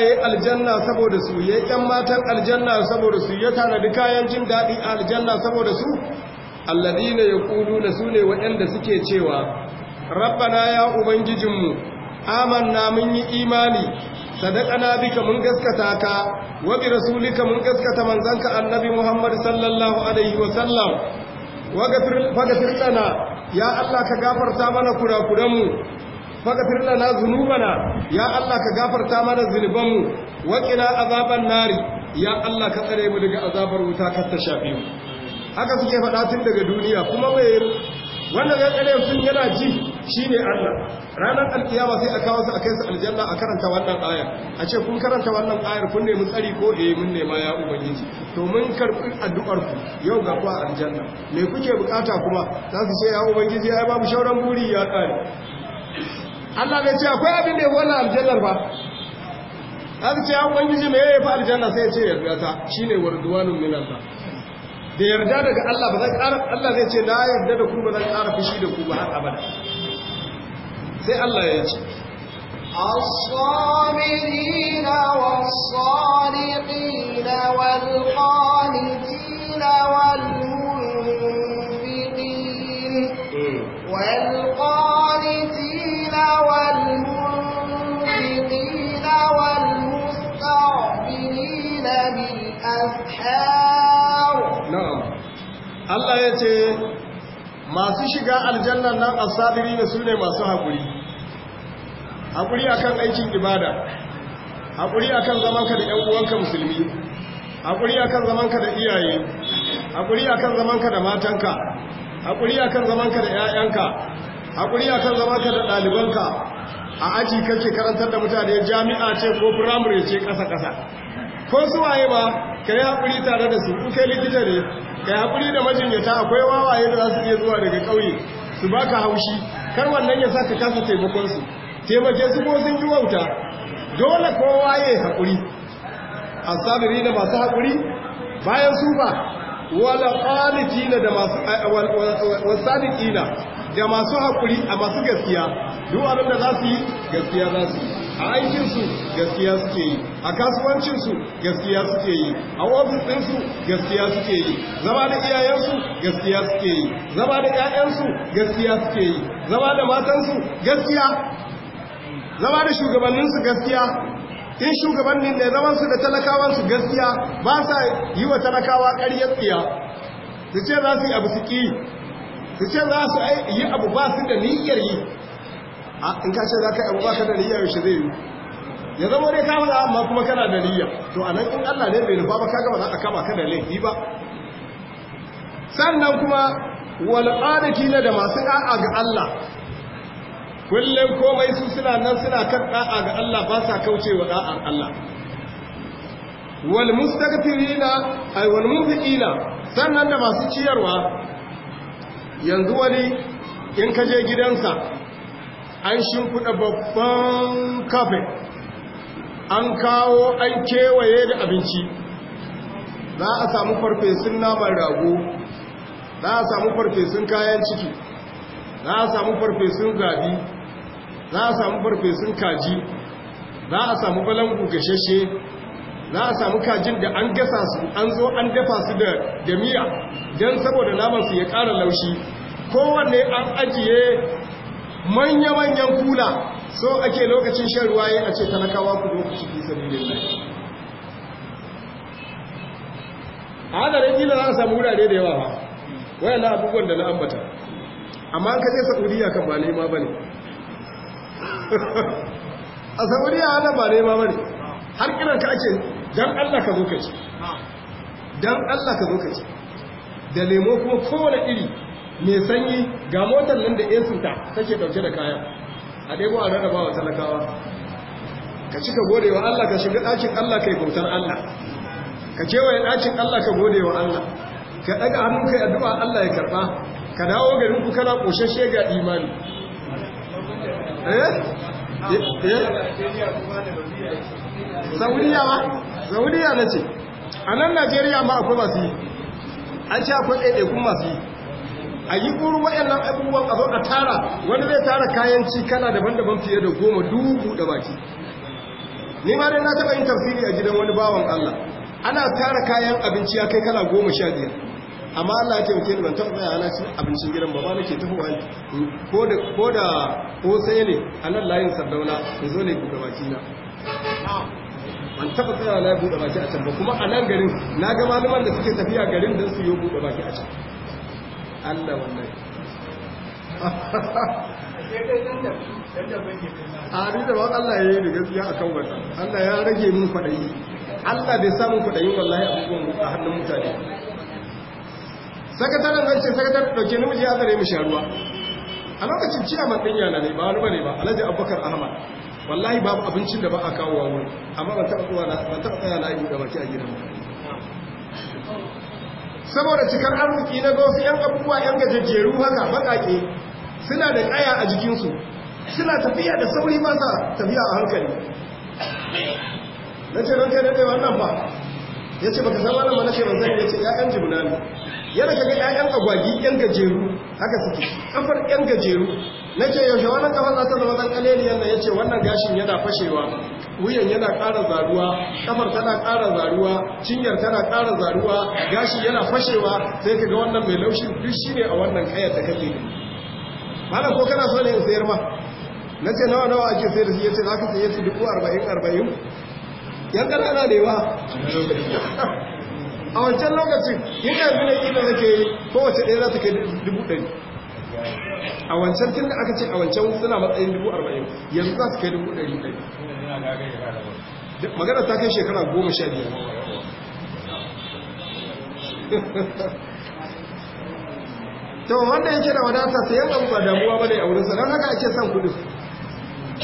[SPEAKER 1] iyaye aljanna saboda su ya yi matan aljanna saboda su ya tanadi kayan jin daɗi a aljanna saboda su alladina ya ƙudu da su ne waɗanda suke cewa rabbana ya ubangijinmu amanna mun yi imani sadaqana bika mun gaskata ka wa bi rasulika mun gaskata manzanka annabi muhammad sallallahu alaihi wa sallam wa gafir faghfir lana ya allah ka gafarta mana kurakuranmu faghfir lana zunubana ya Allah ka gafarta mana zunubanmu wa kina azaban nari ya Allah ka tsare mu daga azabar wuta ka ta shafe mu haka suke faɗa tun daga duniya kuma mai wannan ya tsare sun yana ji shine Allah ranar alkiyama sai a kawo su a kai su aljanna a karanta wannan aya a ce kun karanta wannan ayar kun nemi tsari ko eh mun nema ya ubangiji to mun karbi addu'ar ku yau ga kuwa aljanna me kuke bukata kuma za su ce ya ubangiji ai babu shauran buri ya kare Allah bai ce akwai abin da ya wala aljannar ba aka ce an ubangiji mai yayi fa aljanna sai ya ce yarda ta shine warduwanun min Allah da yarda daga Allah ba zai ƙara Allah zai ce na yarda da ku ba zan ƙara fushi da ku ba har abada sai Allah ya ce
[SPEAKER 2] الصابرين والصادقين والقانتين والمنفقين والقانتين
[SPEAKER 1] Allah ya ce masu shiga aljannan nan asabiri da su ne masu haƙuri haƙuri akan aikin ibada haƙuri akan zamanka da ‘yan uwanka musulmi haƙuri akan zamanka da iyaye haƙuri akan zamanka da matanka haƙuri akan zamanka da ‘ya'yanka haƙuri a kan zama ka da ɗalibanka a aji kake karantar da mutane jami'a ce ko firamare ce ƙasa-ƙasa ko suwaye ba ka yi haƙuri tare da su kai likita ne ka yi haƙuri da majinyata akwai wawaye da za su iya zuwa daga ƙauye su ba ka haushi kar wannan ya sa ka kasa taimakonsu taimake su ko sun yi wauta dole kowa ya yi haƙuri a sabiri da masu haƙuri bayan su ba wala da masu wasadikina da masu haƙuri a masu gaskiya duk abin da za su yi gaskiya za su yi a aikinsu gaskiya suke yi a kasuwancinsu gaskiya suke yi a ofis ɗinsu gaskiya suke yi zama da iyayensu gaskiya suke yi zama da ƴaƴansu gaskiya suke yi zama da matansu gaskiya zama da shugabanninsu gaskiya in shugabannin ne su da talakawansu gaskiya ba sa yi wa talakawa ƙaryar tsiya su ce za su yi abu su ƙi su ce za su yi abu ba su da niyyar yi in ka ce za ka yi abu ba ka da niyyar shi zai yi ya zama ne kama da amma kuma kana da niyya to a nan in allah ne bai nufa ba ka gaba za a kama ka da laifi ba sannan kuma wal'adaki na da masu ɗa'a ga allah kullum komai su suna nan suna kan a'a ga Allah ba sa kaucewa da'ar Allah wal mustaghfirina ay wal munfiqina sannan da masu ciyarwa yanzu wani in ka je gidansa an shimfiɗa babban kafin an kawo an kewaye da abinci za a samu farfesun naman rago za a samu farfesun kayan ciki za a samu farfesun gabi za a samu farfesun kaji za a samu balangu gashashe za a samu kajin da an gasa su an zo an dafa su da miya don saboda namansu ya ƙara laushi kowanne an ajiye manya-manyan kula so ake lokacin shan ruwa ya a ce talakawa ku zo ku ciki sabilin lai a hadarin gina za a samu wurare da yawa ba wayan na abubuwan da na ambata amma ka je saudiya kan ba nema ba ne a saudiya hana ba nema ba ne har kiran ka ake don allah ka zo ka ci don allah ka zo ka ci da lemo kuma kowane iri mai sanyi ga motar nan da ta take dauke da kaya a ɗaiwa a rarraba wa talakawa ka cika gode wa Allah ka shiga ɗakin Allah kai bautar Allah ka kewaye ɗakin Allah ka gode wa Allah ka ɗaga hannun kai addu'a Allah ya karɓa ka dawo garin ku kana ƙoshashe ga imani eh eh
[SPEAKER 3] ba sauriya na ce
[SPEAKER 1] a nan najeriya ma akwai masu yi an ce akwai ɗaiɗaikun masu yi a yi ƙuru waɗannan abubuwan a zo tara wani zai tara kayan ci kala daban-daban fiye da goma dubu da baki ni ma dai na taɓa yin tafsiri a gidan wani bawan Allah ana tara kayan abinci ya kai kana goma sha biyar amma Allah ya taimake ni ban taɓa tsaya ana cin abincin gidan ba ba nake tafowa ko da ko da ko sai ne a nan layin sardauna in zo ne ku gabaki an taba tsaya na buɗe baki a can ba kuma a nan garin na ga malaman da suke tafiya garin don su yi buɗe baki a can Allah wallahi a ni da ban Allah ya yi da gaskiya a kan wannan Allah ya rage min kwaɗayi Allah bai samu kwaɗayi wallahi a abubuwan a hannun mutane sakataren zan ce sakataren ɗauke ni mu zare mu sha ruwa a lokacin ciyaman ɗin yana ne ba wani bane ba alhaji abubakar ahmad wallahi babu abincin da ba a kawo wani amma ban taɓa tsaya na ibu da baki a gidan saboda cikar arziki na ga wasu 'yan abubuwa 'yan gajajjeru haka baƙaƙe suna da ƙaya a jikinsu suna tafiya da sauri masa tafiya a hankali na ce kai daɗe wannan ba ya ce baka san nan ba na ce ban zai ya ce 'ya'yan jimna ne yana kaga 'ya'yan agwagi 'yan gajeru haka suke kafar 'yan gajeru ce yaushe wannan kafar za ta zama dan yadda ya yace wannan gashin yana fashewa wuyan yana ƙara zaruwa kafar tana ƙara zaruwa cinyar tana ƙara zaruwa gashi yana fashewa sai kaga wannan mai laushin duk shi ne a wannan kayar da kake malam ko kana so ne in sayar ma Na ce nawa nawa ake sayar da shi yace zaka saye shi dubu arba'in arba'in yan ƙanana ne ba a wancan lokacin yin na ne ina nake kowace ɗaya za ta kai dubu ɗari a wancan tun da aka ce a wancan suna matsayin dubu arba'in yanzu za su kai dubu ɗari ɗari magana ta kai shekara goma sha biyar to wanda yake da wadata sai abu ba damuwa ba ne a wurinsa don haka ake son kudin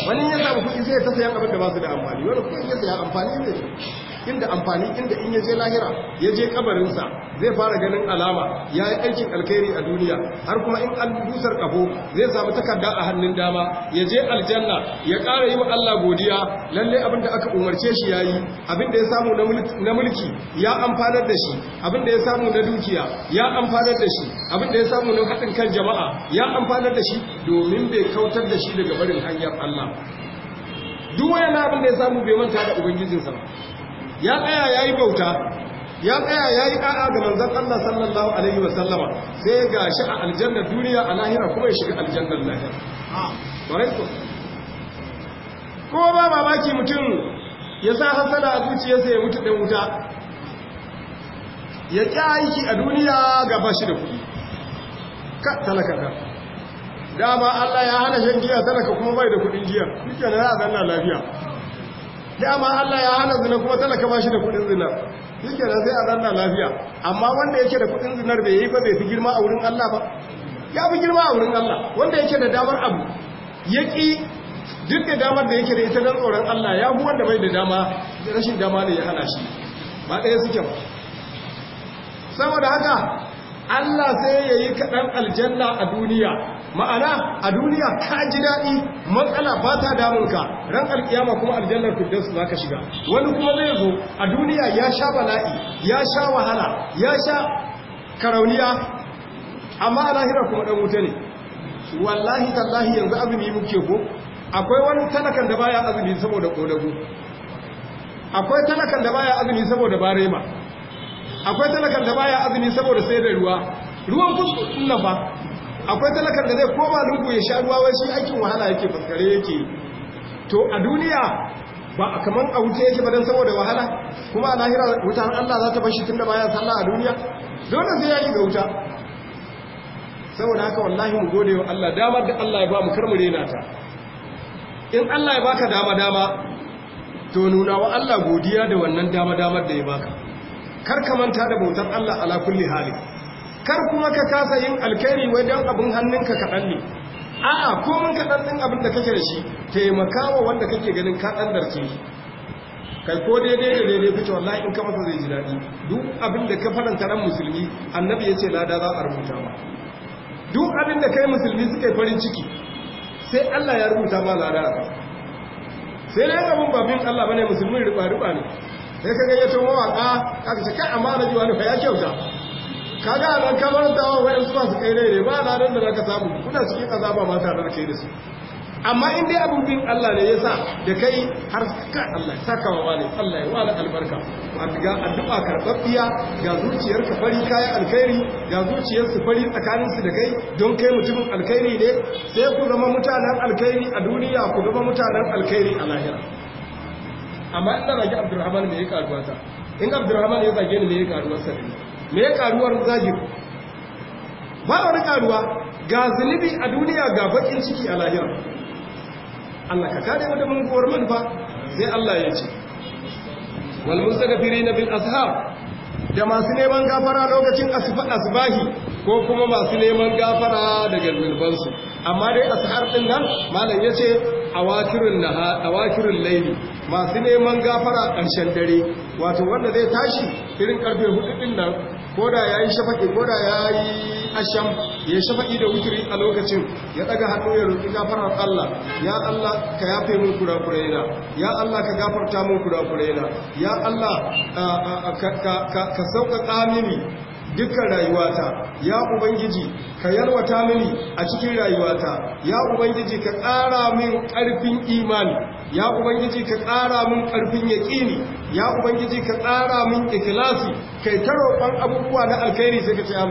[SPEAKER 1] wani ya samu kudi sai ta sayan abin da ba su da amfani wani kuma ya amfani ne inda amfani inda in yaje lahira yaje kabarinsa zai fara ganin alama yayi aikin alkhairi a duniya har kuma in an busar kafo zai samu takarda a hannun dama ya je aljanna ya kara yi wa Allah godiya lalle abin da aka umarce shi yayi yi abin da ya samu na mulki ya amfanar da shi abin da ya samu na dukiya ya amfanar da shi abin da ya samu na haɗin kan jama'a ya amfanar da shi domin bai kautar da shi daga barin hanyar Allah duk wani abin da ya samu bai manta da ubangijinsa ba ya tsaya ya yi bauta ya tsaya ya yi ƙa'a ga manzan Allah sallallahu alaihi wasallama sai ga shi a aljannar duniya a lahira kuma ya shiga aljannar lahira kuma ba mamaki mutum ya sa hasala a zuciyarsa ya mutu ɗan wuta ya ƙi aiki a duniya ga bashi da kuɗi ka talaka ka dama Allah ya hana shan giya talaka kuma bai da kuɗin giya duk yana za a zanna lafiya dama Allah ya hana zina kuma talaka ba shi da kudin zinar shi da sai a zanna lafiya amma wanda yake da kudin zinar bai yi ba bai fi girma a wurin Allah ba ya fi girma a wurin Allah wanda yake da damar abu ya ƙi duk da damar da yake da ita don tsoron Allah ya fi wanda bai da dama rashin dama ne ya hana shi ba ɗaya suke ba saboda haka Allah sai ya yi kaɗan aljanna a duniya ma'ana a duniya ka ji daɗi matsala ba ta damunka ran alkiyama kuma Aljanna firdaus za ka shiga wani kuma zai zo a duniya ya sha bala'i ya sha wahala ya sha karauniya amma a lahira kuma ɗan wuta ne wallahi tallahi yanzu azumi muke ko akwai wani talakan da baya azumi saboda kodago akwai talakan da baya azumi saboda barema akwai talakar da baya azumi saboda sai da ruwa ruwan kusa nan ba akwai talakar da zai koma lungu ya sha ruwa wai shi aikin wahala yake fuskare yake to a duniya ba a kaman a wuce yake ba saboda wahala kuma a lahira wutar Allah za ta bashi tun da baya sallah a duniya dole sai ya yi ga wuta saboda haka wallahi mu gode wa Allah damar da Allah ya ba mu kar mu rena ta in Allah ya baka dama dama to nuna wa Allah godiya da wannan dama damar da ya baka kar ka manta da bautar Allah ala kulli hali kar kuma ka kasa yin alkhairi wai dan abin hannunka kaɗan ne a'a mun kaɗan ɗin abin da kake da shi taimakawa wanda kake ganin ka ɗandarce shi kai ko daidai da daidai kuce wallahi in ka masa zai ji daɗi duk abin da ka faranta ran musulmi annabi ya ce lada za a rubuta ma duk abin da kai musulmi suka farin ciki sai Allah ya rubuta ma lada sai dai abin babin Allah bane musulmi riba riba ne sai ka gayyato mawaka ka ce kai amma na jiwa fa ya kyauta kaga a nan kamar da wa wayan su kai ne ba na nan da zaka samu kuna cikin azaba ma tare da da su amma in dai abin bin Allah ne yasa da kai har ka Allah saka wa wani Allah ya wani albarka an ga addu'a karbabbiya ga zuciyar ka fari kayan alkhairi ga zuciyar su fari tsakanin su da kai don kai mutumin alkhairi ne sai ku zama mutanen alkhairi a duniya ku zama mutanen alkhairi a lahira amma in na zagi abdurrahman mai ya karuwa ta in abdurrahman ya zage ni mai ya karuwar sa me ya karuwar zagi ba wani karuwa ga zunubi a duniya ga bakin ciki a lahira Allah ka kare mu da mun kowar fa sai Allah ya ce wal mustaghfirina bil azhar da masu neman gafara lokacin asbahi ko kuma masu neman gafara daga zunubansu amma dai sahar ɗin nan malam yace ce a wakirin layli masu neman gafara ƙarshen dare wato wanda zai tashi irin karfe da ya yi koda ko shafaki ya yi asham ya shafaki da wuturi a lokacin ya daga hannu ya roki gafarar Allah ya Allah ka yafe min kurakurai na ya Allah ka gafarta min kurakurai na ya Allah ka ka sauƙaƙa dukkan rayuwata ya ubangiji ka yalwata mini a cikin rayuwata ya ubangiji ka ƙara min ƙarfin imani ya ubangiji ka ƙara min ƙarfin yaƙini ya ubangiji ka ƙara min ikhlasi kai ta roƙon abubuwa na alkhairi sai ka ce an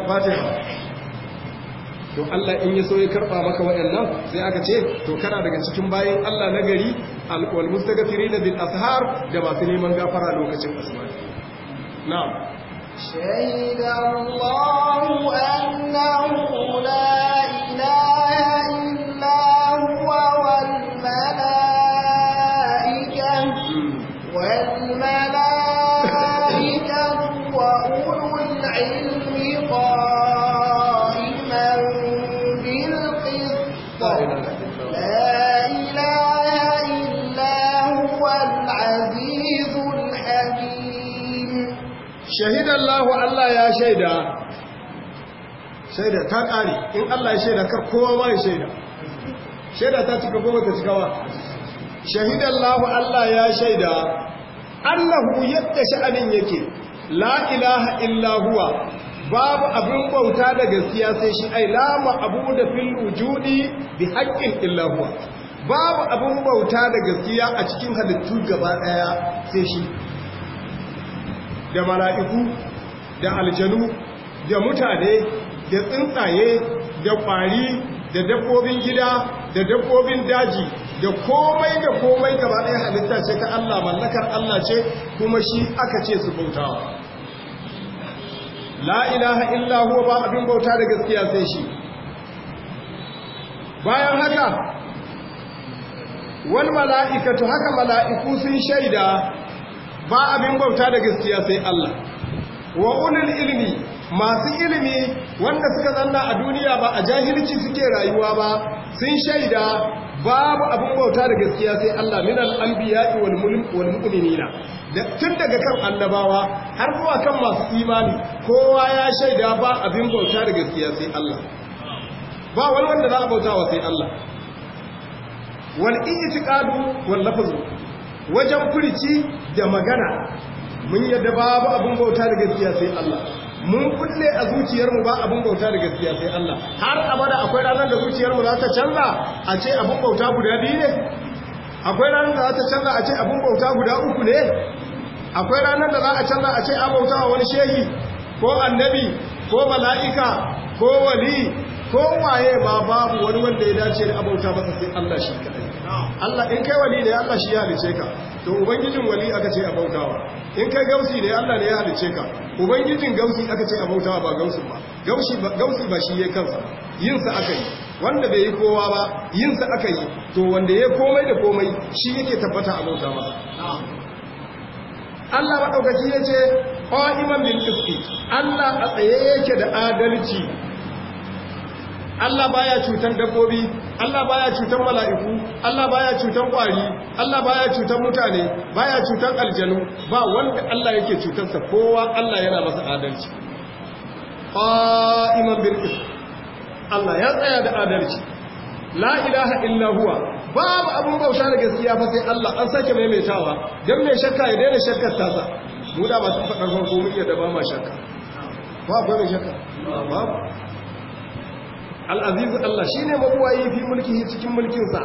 [SPEAKER 1] to Allah in ya so ya karba maka waɗannan sai aka ce to kana daga cikin bayan Allah na gari alwal mustaghfirina bil ashar da masu neman gafara lokacin asma na'am
[SPEAKER 2] شهد الله أنه لا
[SPEAKER 1] shaida shaida ta ƙare in Allah ya shaida kar kowa ma ya shaida shaida ta cika goma ta cika ba shahidallahu Allah ya shaida annahu yadda sha'anin yake la ilaha illa huwa babu abin bauta da gaskiya sai shi ai la ma'budu fil wujudi bi haqqin illa huwa babu abin bauta da gaskiya a cikin halittu gaba daya sai shi da mala'iku da aljanu da mutane da tsuntsaye da ƙwari da dabbobin gida da dabbobin daji da komai da komai gaba ɗaya halitta ce ta Allah mallakar Allah ce kuma shi aka ce su bautawa la ilaha illa huwa ba abin bauta da gaskiya sai shi bayan haka wal mala'ikatu haka mala'iku sun shaida ba abin bauta da gaskiya sai Allah wa ulul ilmi masu ilimi wanda suka zanna a duniya ba a jahilci suke rayuwa ba sun shaida babu abin bauta da gaskiya sai Allah minal anbiya'i wal wal mu'minina tun daga kan annabawa har zuwa kan masu imani kowa ya shaida ba abin bauta da gaskiya sai Allah ba wani wanda za a wa sai Allah wal i'tiqadu wal lafzu wajen furici da magana mun yadda babu abin bauta da gaskiya sai Allah mun kulle a zuciyarmu ba abin bauta da gaskiya sai Allah har abada akwai ranar da zuciyarmu za ta canza a ce abin bauta guda biyu ne akwai ranar da za ta canza a ce abin bauta guda uku ne akwai ranar da za a canza a ce abauta wa wani shehi ko annabi ko mala'ika ko wali ko waye ba babu wani wanda ya dace da abauta ba sai Allah shi kadai Allah in kai wali ne Allah shi ya halice ka to ubangijin wali aka ce a bautawa in kai gausi ne Allah ne ya halice ka ubangijin gausi aka ce a bautawa ba gausi ba gausi ba shi ya kansa yin sa aka yi wanda bai yi kowa ba yin sa aka yi to wanda ya komai da komai shi yake tabbata a bauta masa Allah madaukaki yace qa'iman bil qisti Allah a tsaye yake da adalci Allah baya cutan dabbobi Allah baya cutan mala'iku Allah baya cutan ƙwari, Allah baya cutan mutane baya cutan aljanu ba wanda Allah yake cutansa kowa Allah yana masa adalci qa'iman bil Allah ya tsaya da adalci la ilaha illa huwa babu abin bauta da gaskiya ya sai Allah an sake maimaitawa don mai shakka ya daina shakkar tasa mu da ba su farko muke da ba ma shakka ba ba mai shakka ba al'azizu Allah shi ne mabuwayi fi mulki cikin mulkinsa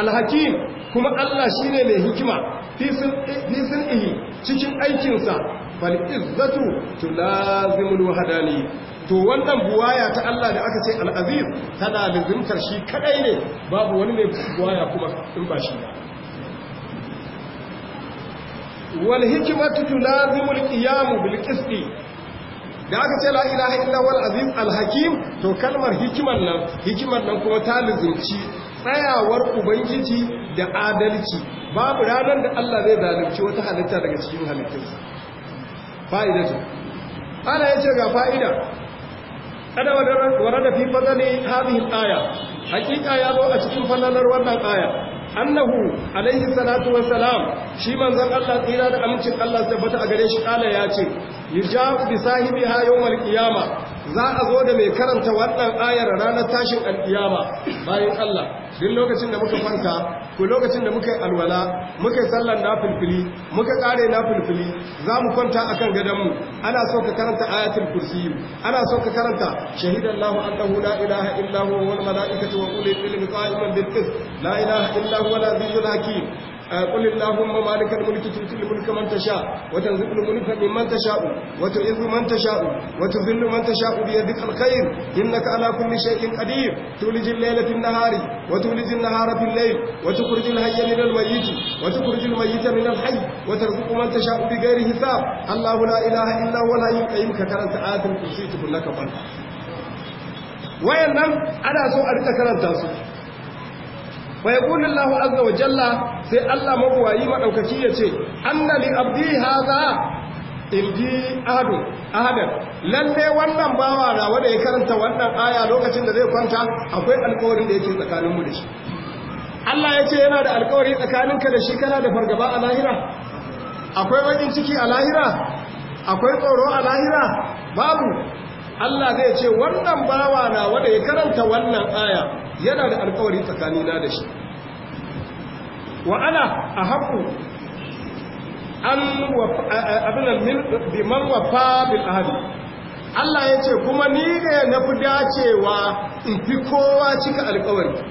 [SPEAKER 1] alhakim kuma Allah shi ne mai hikima fi sun ihi cikin aikinsa fal'izzatu tulazimul wahadani to wannan buwaya ta Allah da aka ce al'aziz tana da zimtar shi kadai ne babu wani mai buwaya kuma in ba shi wal hikimatu tulazimul qiyamu bil da aka ce la ilaha azim alhakim to kalmar hikimar nan hikimar nan kuma ta lizinci tsayawar ubangiji da adalci babu ranar da Allah zai zalunci wata halitta daga cikin fa’ida fa'idatu ana yace ga fa'ida kada warada fi fadali hadhihi haɗin aya hakika ya zo a cikin fananar wannan aya annahu alaihi salatu wasalam shi manzon Allah tsira da amincin Allah tabbata a gare shi kala ya ce yuja'u bi sahibiha yawmal qiyama za a zo da mai karanta wannan ayar ranar tashin alqiyama bayan Allah duk lokacin da muka kwanta ko lokacin da muka yi alwala muka sallar nafilfili muka kare nafilfili za mu kwanta akan gadon mu ana so ka karanta ayatul kursi ana so ka karanta shahidallahu annahu la ilaha illa huwa wal malaikatu wa ulul ilmi qa'iman bil qist la ilaha illa huwa قل اللهم مالك الملك تؤتي الملك من تشاء وتنزل الملك ممن تشاء وتعز من تشاء وتذل من تشاء بيدك الخير انك على كل شيء قدير تولج الليل في النهار وتولج النهار في الليل وتخرج الحي من الميت وتخرج الميت من الحي وترزق من تشاء بغير حساب الله لا اله الا هو الحي القيوم كترنت ايات الكرسي تكون لك بل wayannan ana so a rika karanta su fa yaqulu azza wa jalla sai Allah mabuwayi madaukaki ya anna li abdi hadha indi adu ahadan lalle wannan bawa na wanda ya karanta wannan aya lokacin da zai kwanta akwai alƙawarin da yake tsakaninmu da shi Allah ya ce yana da alƙawari tsakaninka da shi kana da fargaba a lahira akwai bakin ciki a lahira akwai tsoro a lahira babu Allah zai ce wannan bawa na wanda ya karanta wannan aya yana da alkawari tsakanina da shi wa ana a haku abin biman wafa bil ahadi Allah ya ce kuma ni ne na fi dacewa in fi kowa cika alkawari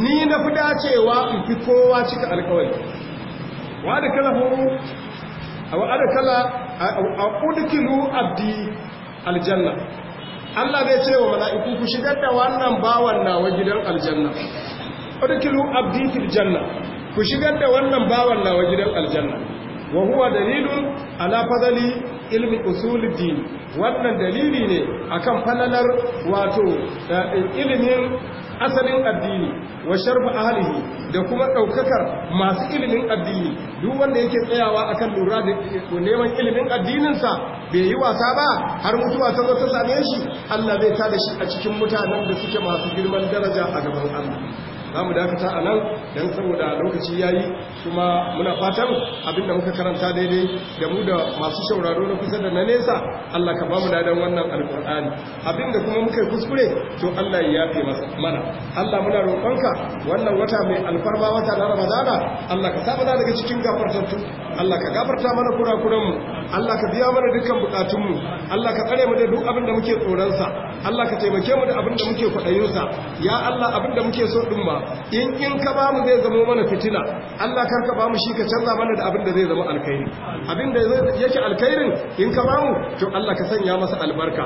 [SPEAKER 1] ni na fi dacewa in fi kowa cika alkawari wa da kala hu a da kala a udkilu abdi aljanna Allah zai ce wa mala'iku ku shigar da wannan bawan nawa gidan aljanna udkilu abdi fil janna ku shigar da wannan bawan nawa gidan aljanna wa huwa dalilun ala fadali ilmi usuluddin wannan dalili ne akan falalar wato eh, ilimin asalin addini wa sharba ahlihi da kuma daukakar masu ilimin addini duk wanda yake tsayawa akan lura da neman ilimin addinin sa bai yi wasa ba har mutuwa ta zo ta same shi Allah zai tada shi a cikin mutanen da suke masu girman daraja a gaban Allah za mu dakata a nan don saboda lokaci ya yi kuma muna fatan abinda muka karanta daidai da mu da masu shauraro na kusa da na nesa Allah ka ba mu dadan wannan alkur'ani abinda kuma muka yi kuskure to Allah ya yafe mana Allah muna roƙonka wannan wata mai alfarma wata na Ramadana Allah ka sa daga cikin gafartattu Allah ka gafarta mana kurakuran mu. Allah ka biya mana dukkan bukatunmu Allah ka tsare mu da duk abin da muke tsoronsa Allah ka taimake mu da abin da muke kwaɗayinsa ya Allah abin da muke so din ba in in ka ba mu zai zama mana fitina Allah kar ka ba mu shi ka canza mana da abin da zai zama alkhairi abin da yake alkhairin in ka ba mu to Allah ka sanya masa albarka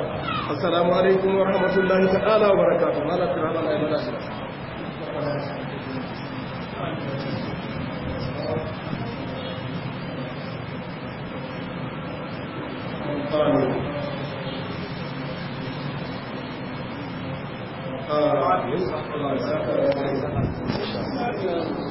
[SPEAKER 1] assalamu alaikum wa rahmatullahi ta'ala wa barakatuh mala kirama
[SPEAKER 3] Thank you. قالوا قال ذكر